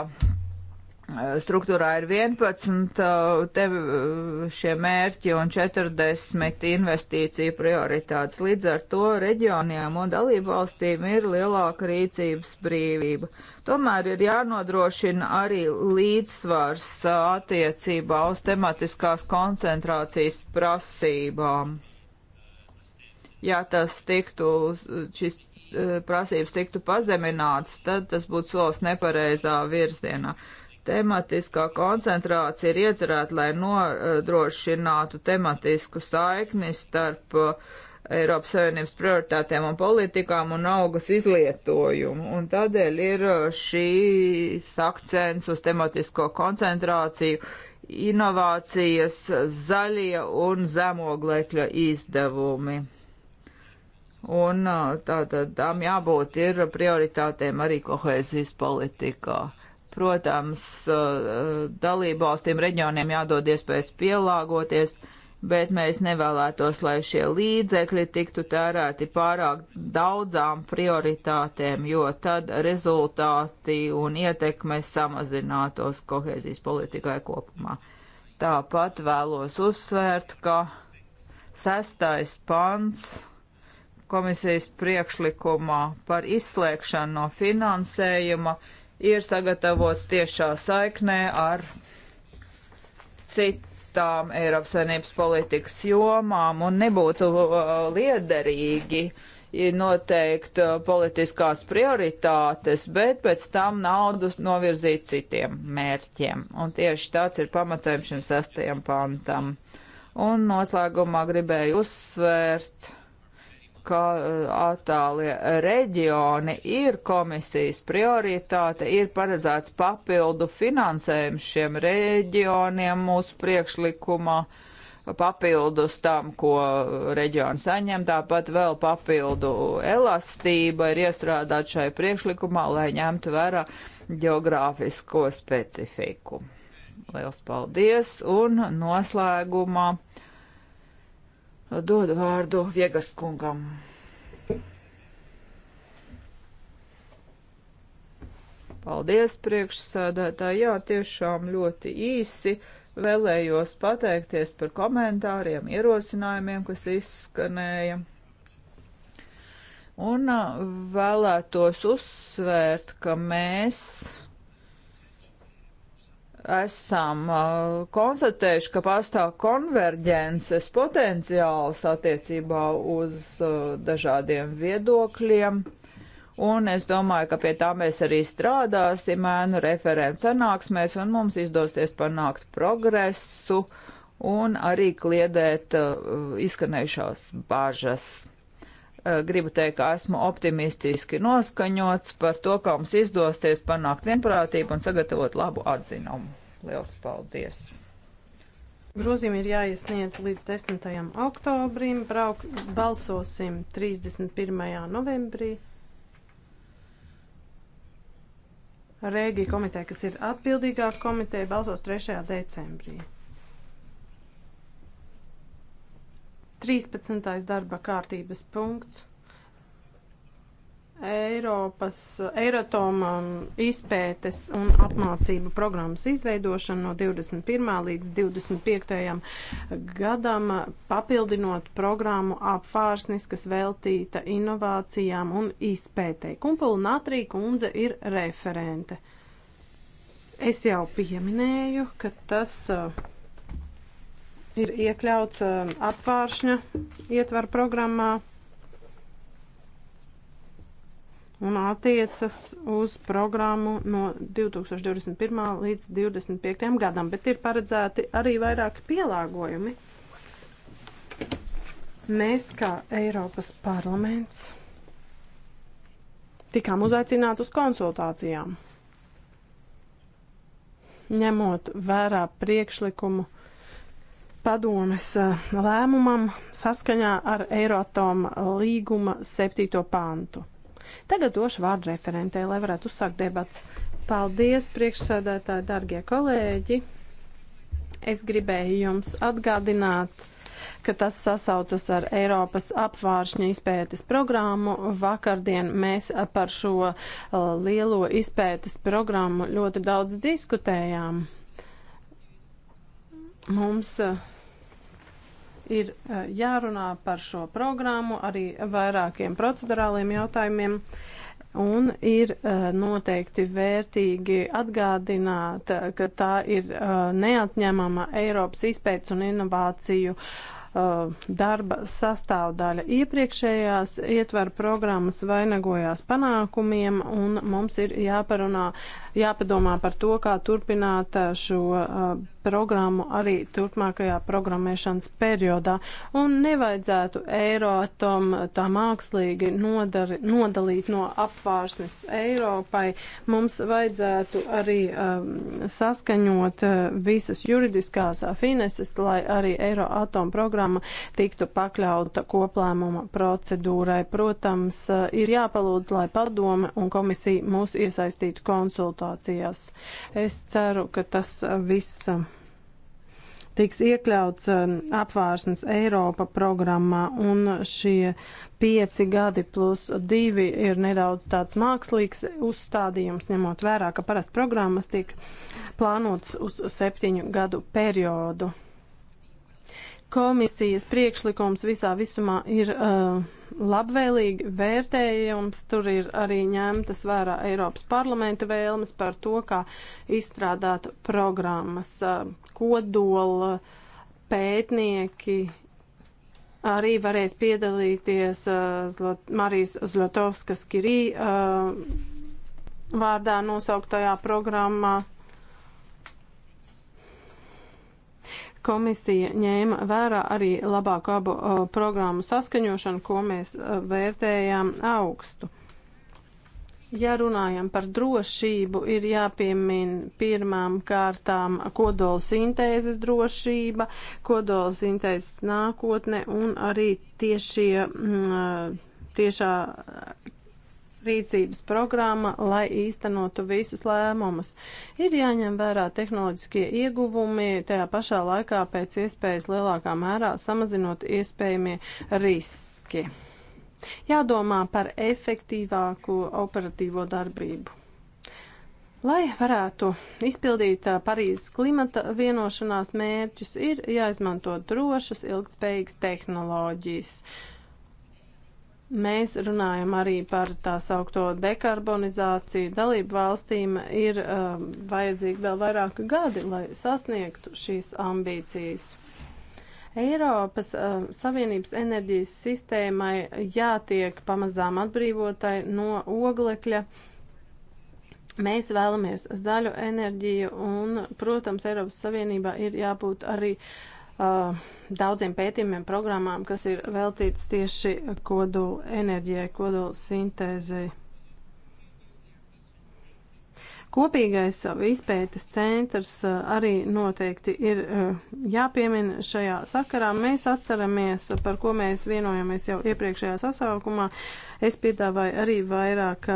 Eh, struktūrā ir 11 eh, te, eh, šie mērķi un 40 investīciju prioritātes. Līdz ar to reģioniem un dalību valstīm ir lielāka rīcības brīvība. Tomēr ir jānodrošina arī līdzsvars attiecībā uz tematiskās koncentrācijas prasībām. Ja tas tiktu, šis prasības tiktu pazemināts, tad tas būtu solis nepareizā virzienā. Uh, Tematiskā koncentrācija ir iecerēta, lai nodrošinātu tematisku saikni starp eh, Eiropas Savienības prioritātēm un politikām un augas izlietojumu. Un tādēļ ir eh, šīs akcents uz tematisko koncentrāciju, inovācijas, zaļie un zemoglekļa izdevumi. Un eh, tātad tām jābūt ir prioritātēm arī kohēzijas politikā. Protams, uh, uh, dalību valstīm reģioniem jādod iespējas pielāgoties, bet mēs nevēlētos, lai šie līdzekļi tiktu tērēti pārāk daudzām prioritātēm, jo tad rezultāti un ietekme samazinātos kohēzijas politikai kopumā. Tāpat vēlos uzsvērt, ka sestais pants komisijas priekšlikumā par izslēgšanu no finansējuma ir sagatavots tiešā saiknē ar citām Eiropas Savienības politikas jomām un nebūtu uh, liederīgi noteikt uh, politiskās prioritātes, bet pēc tam naudu novirzīt citiem mērķiem. Un tieši tāds ir pamatojums šim sastajam pantam. Un noslēgumā gribēju uzsvērt ka eh, attālie reģioni ir komisijas prioritāte, ir paredzēts papildu finansējums šiem reģioniem mūsu priekšlikumā, papildus tam, ko reģioni saņem, tāpat vēl papildu elastība ir iestrādāt šai priekšlikumā, lai ņemtu vērā geogrāfisko specifiku. Liels paldies un noslēgumā Dodu vārdu Viegas kungam. Paldies, priekšsādātāji. Jā, tiešām ļoti īsi vēlējos pateikties par komentāriem, ierosinājumiem, kas izskanēja. Un vēlētos uzsvērt, ka mēs esam uh, konstatējuši, ka pastāv konverģences potenciāls attiecībā uz uh, dažādiem viedokļiem. Un es domāju, ka pie tā mēs arī strādāsim ēnu referents sanāksmēs, un mums izdosies panākt progresu un arī kliedēt uh, izskanējušās bažas. Eh, gribu teikt, ka esmu optimistiski noskaņots par to, ka mums izdosies panākt vienprātību un sagatavot labu atzinumu. Liels paldies! Grozījumi ir jāiesniedz līdz 10. oktobrim, brauk, balsosim 31. novembrī. Rēgija komiteja, kas ir atbildīgā komiteja, balsos 3. decembrī. 13. darba kārtības punkts. Eiropas Eiratoma izpētes un apmācību programmas izveidošana no 21. līdz 25. gadam, papildinot programmu apvārsnis, kas veltīta inovācijām un izpētei. Kumpula Natrī kundze ir referente. Es jau pieminēju, ka tas uh, ir iekļauts um, apvāršņa ietvaru programmā un attiecas uz programmu no 2021. līdz 2025. gadam, bet ir paredzēti arī vairāki pielāgojumi. Mēs, kā Eiropas parlaments, tikām uzaicināti uz konsultācijām, ņemot vērā priekšlikumu padomes eh, lēmumam saskaņā ar Eirotom līguma 7. pāntu. Tagad došu vārdu referentē, lai varētu uzsākt debats. Paldies, priekšsēdētāji, dargie kolēģi! Es gribēju jums atgādināt, ka tas sasaucas ar Eiropas apvāršņa izpētes programmu. Vakardien mēs par šo eh, lielo izpētes programmu ļoti daudz diskutējām. Mums uh, ir eh, jārunā par šo programmu, arī vairākiem procedurāliem jautājumiem. Un ir eh, noteikti vērtīgi atgādināt, eh, ka tā ir neatņemama Eiropas izpētes un inovāciju darba sastāvdaļa. Iepriekšējās ietvaru programmas vainagojās panākumiem, un mums ir jāparunā, jāpadomā par to, kā turpināt šo programmu arī turpmākajā programmēšanas periodā. Un nevajadzētu Eiroatom tā mākslīgi nodari, nodalīt no apvārsnes Eiropai. Mums vajadzētu arī um, saskaņot uh, visas juridiskās fineses, lai arī Eiroatom programma tiktu pakļauta koplēmuma procedūrai. Protams, uh, ir jāpalūdz, lai padome un komisija mūs iesaistītu konsultācijās. Es ceru, ka tas viss um, tiks iekļauts um, apvārsnes Eiropa programmā, un šie pieci gadi plus divi ir nedaudz tāds mākslīgs uzstādījums, ņemot vērā, ka parasti programmas tiek plānotas uz septiņu gadu periodu. Komisijas priekšlikums visā visumā ir uh, labvēlīgi vērtējums. Tur ir arī ņemtas vērā Eiropas parlamenta vēlmes par to, kā izstrādāt programmas, uh, kodola pētnieki arī varēs piedalīties uh, Zlot, Marijas Zlotovskas Kirī uh, vārdā nosauktajā programmā. Komisija ņēma vērā arī labāku abu uh, programmu saskaņošanu, ko mēs uh, vērtējām augstu. Ja runājam par drošību, ir jāpiemin pirmām kārtām kodola sintēzes drošība, kodola sintēzes nākotne un arī tiešie, m, tiešā rīcības programma, lai īstenotu visus lēmumus. Ir jāņem vērā tehnoloģiskie ieguvumi, tajā pašā laikā pēc iespējas lielākā mērā samazinot iespējamie riski. Jādomā par efektīvāku operatīvo darbību. Lai varētu izpildīt Parīzes klimata vienošanās mērķus, ir jāizmanto drošas, ilgspējīgas tehnoloģijas. Uh, Mēs runājam arī par tā saukto dekarbonizāciju. Dalību valstīm ir um, vajadzīgi vēl vairāki gadi, lai sasniegtu šīs ambīcijas. Eiropas um, Savienības enerģijas sistēmai jātiek pamazām atbrīvotai no oglekļa. Mēs vēlamies zaļu enerģiju un, protams, Eiropas Savienībā ir jābūt arī uh, daudziem pētījumiem, programmām, kas ir veltīts tieši kodolu enerģijai, kodolu sintēzei. Kopīgais izpētes centrs arī noteikti ir jāpiemina šajā sakarā. Mēs atceramies, par ko mēs vienojamies jau iepriekšējā sasaukumā. Es piedāvāju arī vairāk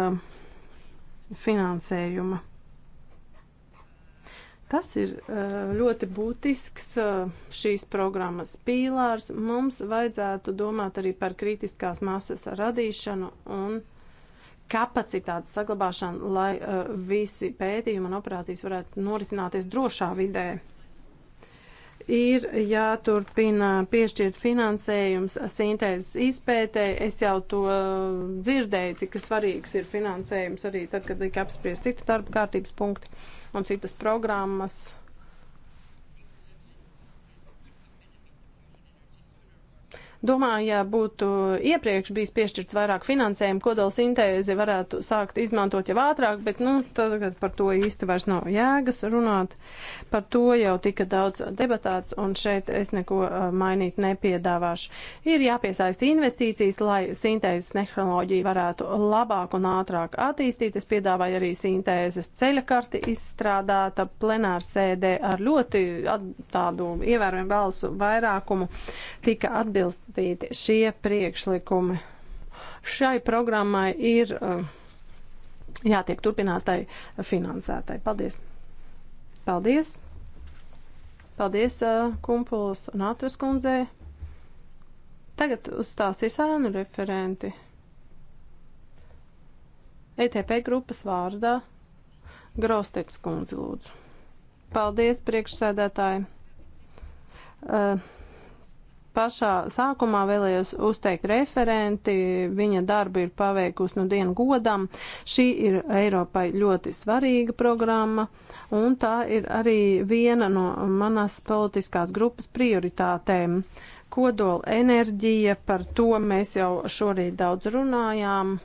finansējuma. Tas ir eh, ļoti būtisks eh, šīs programmas pīlārs. Mums vajadzētu domāt arī par kritiskās masas radīšanu un kapacitātes saglabāšanu, lai eh, visi pētījumi un operācijas varētu norisināties drošā vidē ir jāturpina piešķirt finansējums sintēzes izpētē. Es jau to uh, dzirdēju, cik svarīgs ir finansējums arī tad, kad tika apspriest citi darba kārtības punkti un citas programmas. Domāju, ja būtu iepriekš bijis piešķirts vairāk finansējumu, kodola sintēzi varētu sākt izmantot jau ātrāk, bet nu, tagad par to īsti vairs nav jēgas runāt. Par to jau tika daudz debatēts, un šeit es neko mainīt nepiedāvāšu. Ir jāpiesaista investīcijas, lai sintēzes tehnoloģija varētu labāk un ātrāk attīstīt. Es piedāvāju arī sintēzes ceļa karti izstrādāta plenārsēdē ar ļoti tādu ievērojumu balsu vairākumu tika atbilst izskatīti šie priekšlikumi. Šai programmai ir eh, jātiek turpinātai finansētai. Paldies! Paldies! Paldies eh, Kumpuls un Atras kundzei! Tagad uzstāstīs ēnu referenti. ETP grupas vārdā Grosteks kundze lūdzu. Paldies priekšsēdētāji! Uh, pašā sākumā vēlējos uzteikt referenti, viņa darbu ir paveikusi no nu dienu godam. Šī ir Eiropai ļoti svarīga programma, un tā ir arī viena no manas politiskās grupas prioritātēm. Kodola enerģija, par to mēs jau šorīt daudz runājām.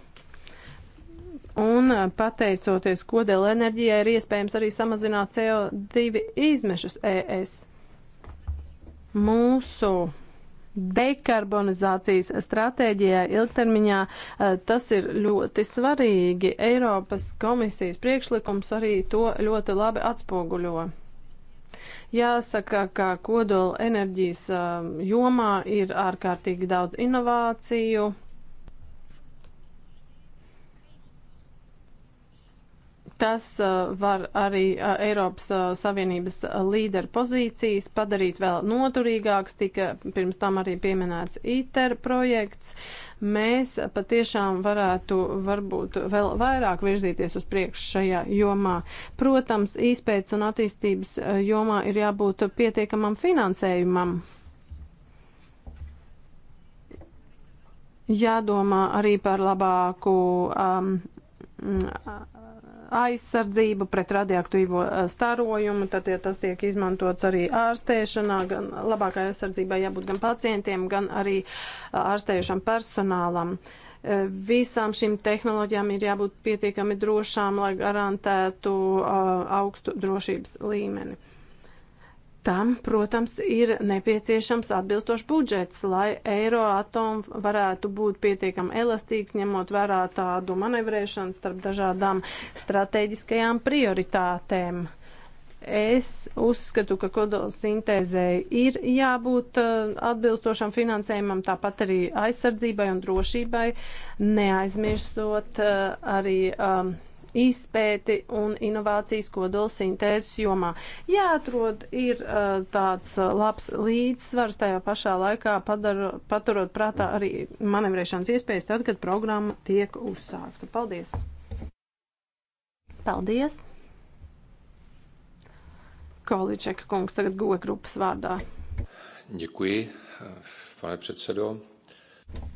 Un pateicoties kodola enerģijai, ir iespējams arī samazināt CO2 izmešus ES. Mūsu dekarbonizācijas stratēģijā ilgtermiņā. Eh, tas ir ļoti svarīgi. Eiropas komisijas priekšlikums arī to ļoti labi atspoguļo. Jāsaka, ka kodola enerģijas eh, jomā ir ārkārtīgi daudz inovāciju Tas uh, var arī uh, Eiropas uh, Savienības līderu pozīcijas padarīt vēl noturīgāks, tika pirms tam arī pieminēts ITER projekts. Mēs patiešām varētu varbūt vēl vairāk virzīties uz priekšu šajā jomā. Protams, izpētes un attīstības jomā ir jābūt pietiekamam finansējumam. jādomā arī par labāku um, aizsardzību pret radioaktīvo starojumu, tad, ja tas tiek izmantots arī ārstēšanā, gan labākai aizsardzībai jābūt gan pacientiem, gan arī ārstējušam personālam. Visām šīm tehnoloģijām ir jābūt pietiekami drošām, lai garantētu augstu drošības līmeni. Tam, protams, ir nepieciešams atbilstošs budžets, lai Eiroatom varētu būt pietiekami elastīgs, ņemot vērā tādu manevrēšanu starp dažādām strateģiskajām prioritātēm. Es uzskatu, ka kodolsintēzei ir jābūt eh, atbilstošam finansējumam, tāpat arī aizsardzībai un drošībai, neaizmirstot eh, arī. Um, izpēti un inovācijas kodolsintēzes jomā. Jāatrod ir uh, tāds uh, labs līdzsvars tajā pašā laikā, padar, paturot prātā arī manevrēšanas iespējas tad, kad programma tiek uzsākta. Paldies! Paldies! Kolīčeka kungs tagad goja grupas vārdā. Děkuji, pane předsedo.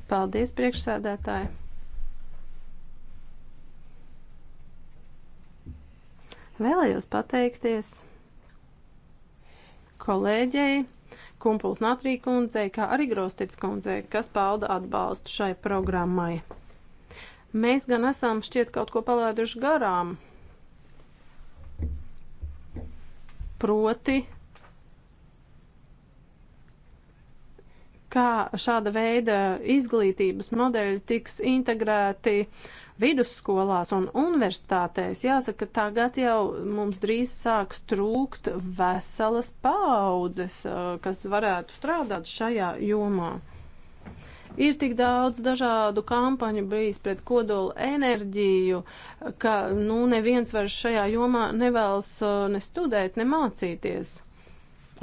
Paldies, priekšsēdētāji. Vēlējos pateikties kolēģei Kumpuls Natrī kundzei, kā arī Grostits kundzei, kas pauda atbalstu šai programmai. Mēs gan esam šķiet kaut ko palaiduši garām. Proti, kā šāda veida izglītības modeļi tiks integrēti uh, vidusskolās un universitātēs. Jāsaka, tagad jau mums drīz sāks trūkt veselas paaudzes, kas varētu strādāt šajā jomā. Ir tik daudz dažādu kampaņu bijis pret kodolu enerģiju, ka nu, neviens vairs šajā jomā nevēlas ne studēt, ne mācīties.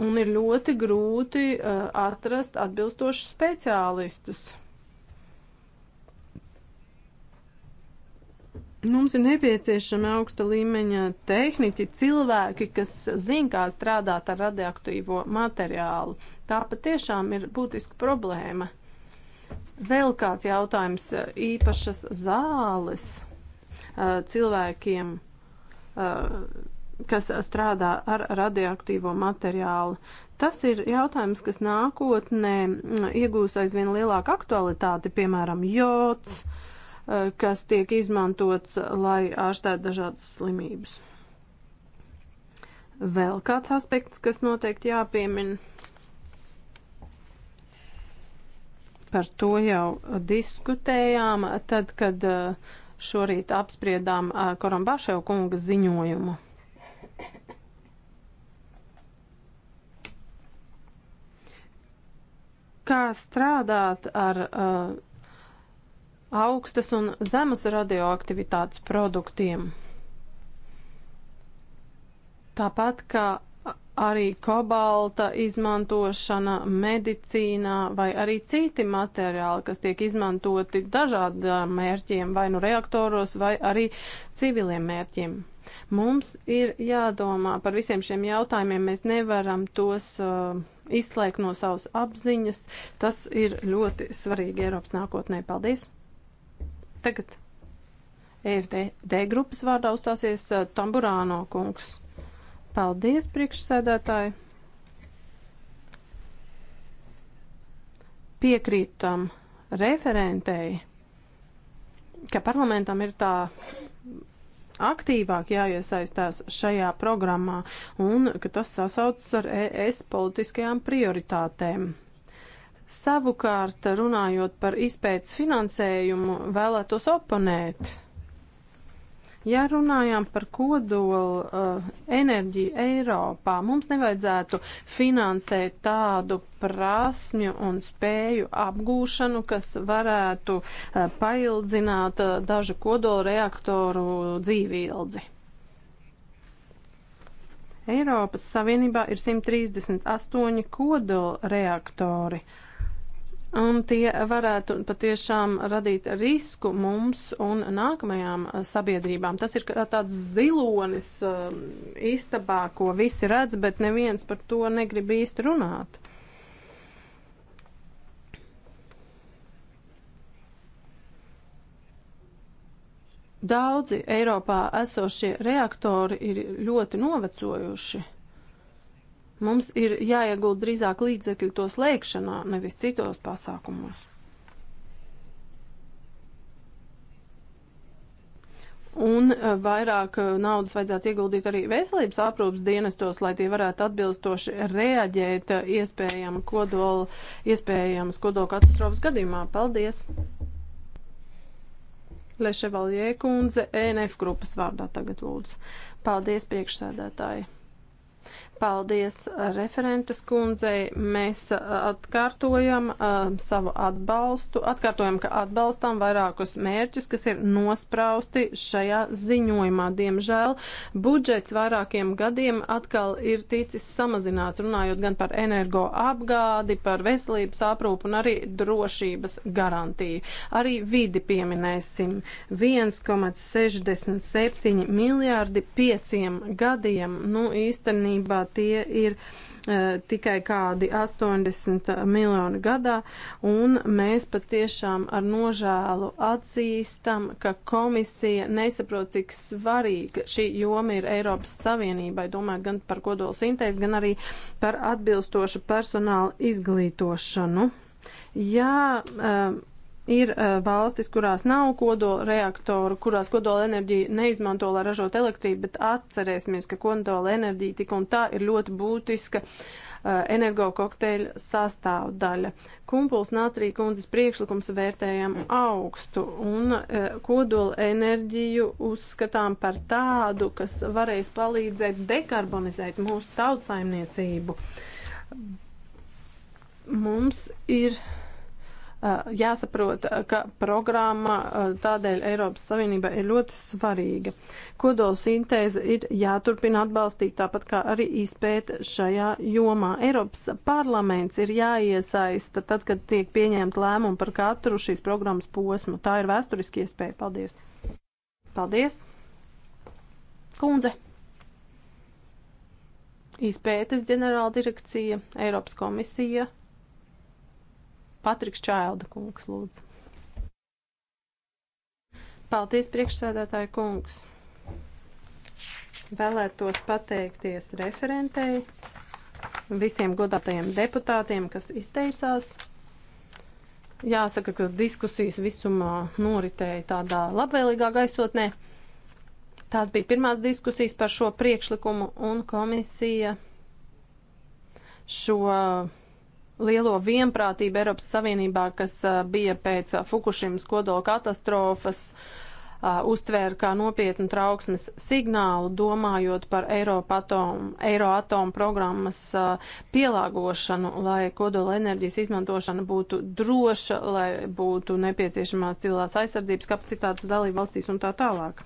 Un ir ļoti grūti uh, atrast atbilstošus speciālistus. Mums ir nepieciešami augsta līmeņa tehniķi, cilvēki, kas zina, kā strādāt ar radioaktīvo materiālu. Tā patiešām ir būtiska problēma. Vēl kāds jautājums - īpašas zāles cilvēkiem, kas strādā ar radioaktīvo materiālu. Tas ir jautājums, kas nākotnē iegūs aizvien lielāku aktualitāti, piemēram, jods. Mm Eh, kas tiek izmantots, lai ārstētu dažādas slimības. Vēl kāds aspekts, kas noteikti jāpiemina. Par to jau diskutējām, tad, kad eh, šorīt apspriedām eh, Korambašev kunga ziņojumu. Kā strādāt ar uh, augstas un zemas radioaktivitātes produktiem. Tāpat kā arī kobalta izmantošana medicīnā vai arī citi materiāli, kas tiek izmantoti dažādām mērķiem, vai nu reaktoros, vai arī civiliem mērķiem. Mums ir jādomā par visiem šiem jautājumiem, mēs nevaram tos uh, izslēgt no savas apziņas. Tas ir ļoti svarīgi Eiropas nākotnē. Paldies! Tagad EFD grupas vārdā uzstāsies uh, Tamburāno kungs. Paldies, priekšsēdētāji! Piekrītam referentei, ka parlamentam ir tā aktīvāk jāiesaistās šajā programmā un ka tas sasaucas ar ES politiskajām prioritātēm. Savukārt, runājot par izpētes finansējumu, vēlētos oponēt. Ja runājām par kodolu uh, enerģiju Eiropā, mums nevajadzētu finansēt tādu prasmju un spēju apgūšanu, kas varētu uh, paildzināt uh, dažu kodolu reaktoru dzīvīldzi. Eiropas Savienībā ir 138 kodola reaktori. Uh, Un tie varētu patiešām radīt risku mums un nākamajām eh, sabiedrībām. Tas ir tāds zilonis eh, istabā, ko visi redz, bet neviens par to negrib īsti runāt. Daudzi Eiropā esošie reaktori ir ļoti novecojuši. Mums ir jāiegulda drīzāk līdzekļi to slēgšanā, nevis citos pasākumos. Un eh, vairāk eh, naudas vajadzētu ieguldīt arī veselības aprūpas dienestos, lai tie varētu atbilstoši reaģēt eh, iespējama kodola, iespējamas kodola katastrofas gadījumā. Paldies! Leševaljē kundze, ENF grupas vārdā tagad lūdzu. Paldies, priekšsēdētāji! Paldies uh, referentes kundzei. Mēs uh, atkārtojam uh, savu atbalstu, atkārtojam, ka atbalstam vairākus mērķus, kas ir nosprausti šajā ziņojumā. Diemžēl budžets vairākiem gadiem atkal ir ticis samazināts, runājot gan par energo apgādi, par veselības aprūpu un arī drošības garantiju. Arī vidi pieminēsim 1,67 miljārdi pieciem gadiem. Nu, īstenībā tie ir eh, tikai kādi 80 miljoni gadā, un mēs patiešām ar nožēlu atzīstam, ka komisija nesaprot, cik svarīga šī joma ir Eiropas Savienībai, domājot gan par kodolu sintēzi, gan arī par atbilstošu personāla izglītošanu. Jā, uh, Ir uh, valstis, kurās nav kodola reaktoru, kurās kodola enerģija neizmanto, lai ražot elektrību, bet atcerēsimies, ka kodola enerģija tik un tā ir ļoti būtiska uh, eh, energo kokteļa sastāvdaļa. Kumpuls Natrija kundzes priekšlikums vērtējam augstu un eh, kodola enerģiju uzskatām par tādu, kas varēs palīdzēt dekarbonizēt mūsu tautsaimniecību. Mums ir jāsaprot, ka programma tādēļ Eiropas Savienībai ir ļoti svarīga. Kodola sintēze ir jāturpina atbalstīt, tāpat kā arī izpēt šajā jomā. Eiropas parlaments ir jāiesaista tad, kad tiek pieņemt lēmumu par katru šīs programmas posmu. Tā ir vēsturiski iespēja. Paldies! Paldies! Kundze! Izpētes ģenerāldirekcija, Eiropas komisija Patriks Čailda kungs, lūdzu. Paldies, priekšsēdētāji kungs. Vēlētos pateikties referentei, visiem godātajiem deputātiem, kas izteicās. Jāsaka, ka diskusijas visumā noritēja tādā labvēlīgā gaisotnē. Tās bija pirmās diskusijas par šo priekšlikumu, un komisija šo lielo vienprātību Eiropas Savienībā, kas bija pēc Fukushimas kodola katastrofas, uztvēra kā nopietnu trauksmes signālu, domājot par Eiroatomu Eiro programmas pielāgošanu, lai kodola enerģijas izmantošana būtu droša, lai būtu nepieciešamās cilvēks aizsardzības kapacitātes dalību valstīs un tā tālāk.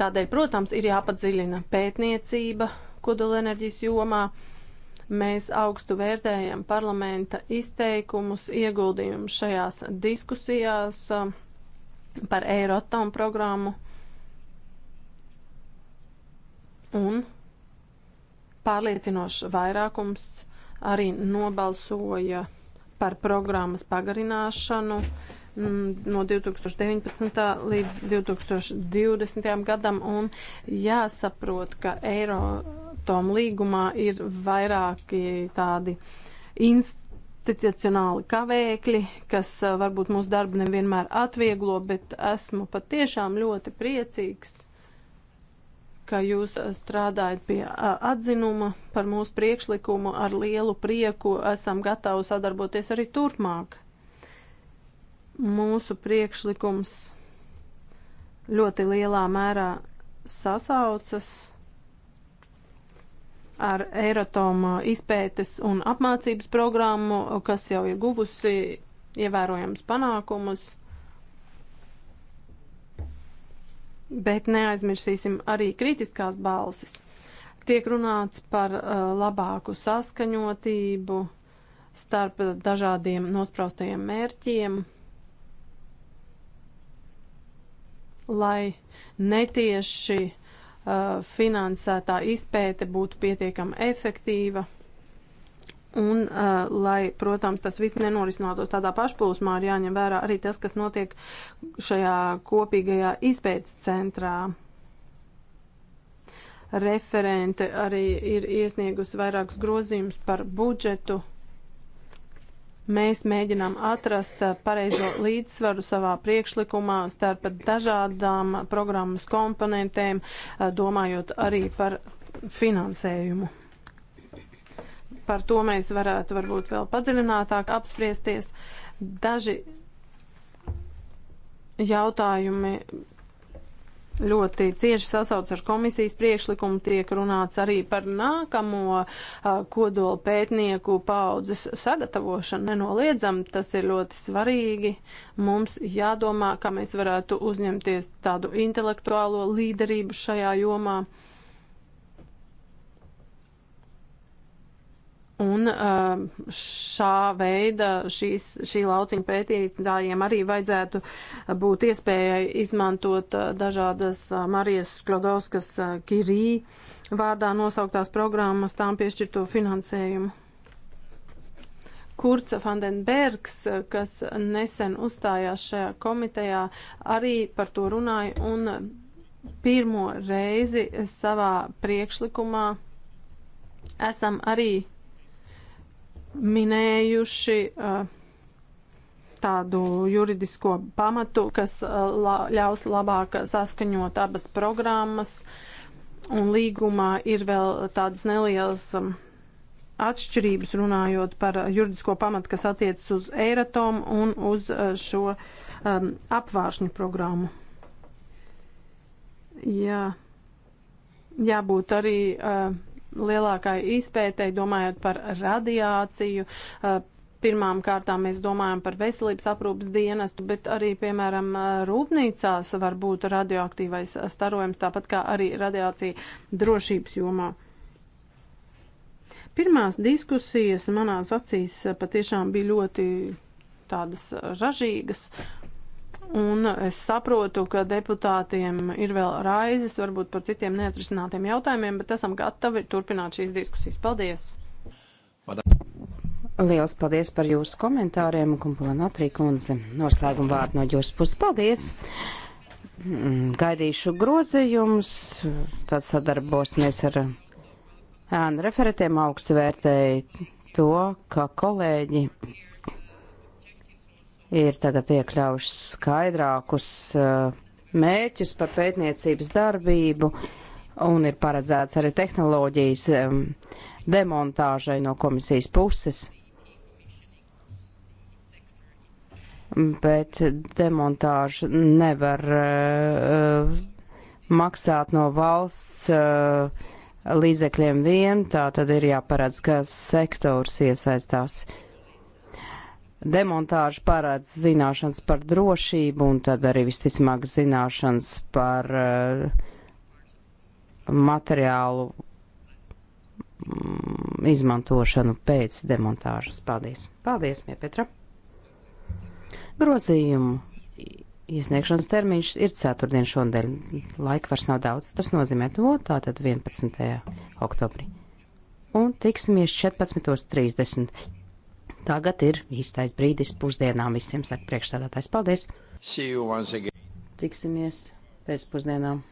Tādēļ, protams, ir jāpadziļina pētniecība kodola enerģijas jomā. Uh, Mēs augstu vērtējam parlamenta izteikumus, ieguldījumus šajās diskusijās uh, par Eirotomu programmu. Un pārliecinošs vairākums arī nobalsoja par programmas pagarināšanu mm, no 2019. līdz 2020. gadam un jāsaprot, ka eiro Rosatom līgumā ir vairāki tādi institūti institucionāli kavēkļi, kas varbūt mūsu darbu nevienmēr atvieglo, bet esmu patiešām ļoti priecīgs, ka jūs strādājat pie atzinuma par mūsu priekšlikumu ar lielu prieku. Esam gatavi sadarboties arī turpmāk. Mūsu priekšlikums ļoti lielā mērā sasaucas ar Eiratom izpētes un apmācības programmu, kas jau ir guvusi ievērojams panākumus. Bet neaizmirsīsim arī kritiskās balsis. Tiek runāts par uh, labāku saskaņotību starp dažādiem nospraustajiem mērķiem, lai netieši uh, Uh, finansētā izpēte būtu pietiekama efektīva. Un, uh, lai, protams, tas viss nenorisinātos tādā pašplūsmā, ir jāņem vērā arī tas, kas notiek šajā kopīgajā izpētes centrā. Referente arī ir iesniegusi vairākus grozījumus par budžetu. Mēs mēģinām atrast uh, pareizo līdzsvaru savā priekšlikumā starp dažādām programmas komponentēm, uh, domājot arī par finansējumu. Par to mēs varētu varbūt vēl padziļinātāk apspriesties. Daži jautājumi ļoti cieši sasauc ar komisijas priekšlikumu, tiek runāts arī par nākamo kodola pētnieku paudzes sagatavošanu. Nenoliedzam, tas ir ļoti svarīgi. Mums jādomā, kā mēs varētu uzņemties tādu intelektuālo līderību šajā jomā. Un uh, šā veida šīs, šī lauciņa pētītājiem arī vajadzētu būt iespējai izmantot uh, dažādas uh, Marijas Sklodovskas Kirī vārdā nosauktās programmas tām piešķirto finansējumu. Kurca Vandenbergs, kas nesen uzstājās šajā komitejā, arī par to runāja un pirmo reizi savā priekšlikumā esam arī minējuši uh, tādu juridisko pamatu, kas uh, ļaus labāk saskaņot abas programmas, un līgumā ir vēl tādas nelielas um, atšķirības runājot par juridisko pamatu, kas attiecas uz Eiratomu un uz uh, šo um, apvāršņu programmu. Jā, jābūt arī uh, lielākai izpētei, domājot par radiāciju. Pirmām kārtām mēs domājam par veselības aprūpas dienestu, bet arī, piemēram, rūpnīcās var būt radioaktīvais starojums, tāpat kā arī radiācija drošības jomā. Pirmās diskusijas manās acīs patiešām bija ļoti tādas ražīgas, uh, Un es saprotu, ka deputātiem ir vēl raizes, varbūt par citiem neatrisinātiem jautājumiem, bet esam gatavi turpināt šīs diskusijas. Paldies! Liels paldies par jūsu komentāriem, Kumpulanātrī kundze. Noslēguma vārdu no jūsu puses. Paldies! Mm, gaidīšu grozījumus, tad sadarbosimies ar ēnu referentiem augstu vērtēju to, ka kolēģi ir tagad iekļaujuši skaidrākus eh, mērķus par pētniecības darbību un ir paredzēts arī tehnoloģijas demontāžai no komisijas puses. Mm, bet demontāžu nevar uh, maksāt no valsts uh, līdzekļiem vien, tā tad ir jāparedz, ka sektors iesaistās uh, demontāža parāds zināšanas par drošību un tad arī visticamāk zināšanas par uh, materiālu um, izmantošanu pēc demontāžas. Paldies! Paldies, Mie Petra! Grozījumu iesniegšanas termiņš ir ceturtdien šodien. Laika vairs nav daudz. Tas nozīmē to tātad 11. oktobrī. Un tiksimies 14.30 Tagad ir īstais brīdis pusdienām visiem, saka priekšsēdētājs. Paldies! Tiksimies pēc pusdienām!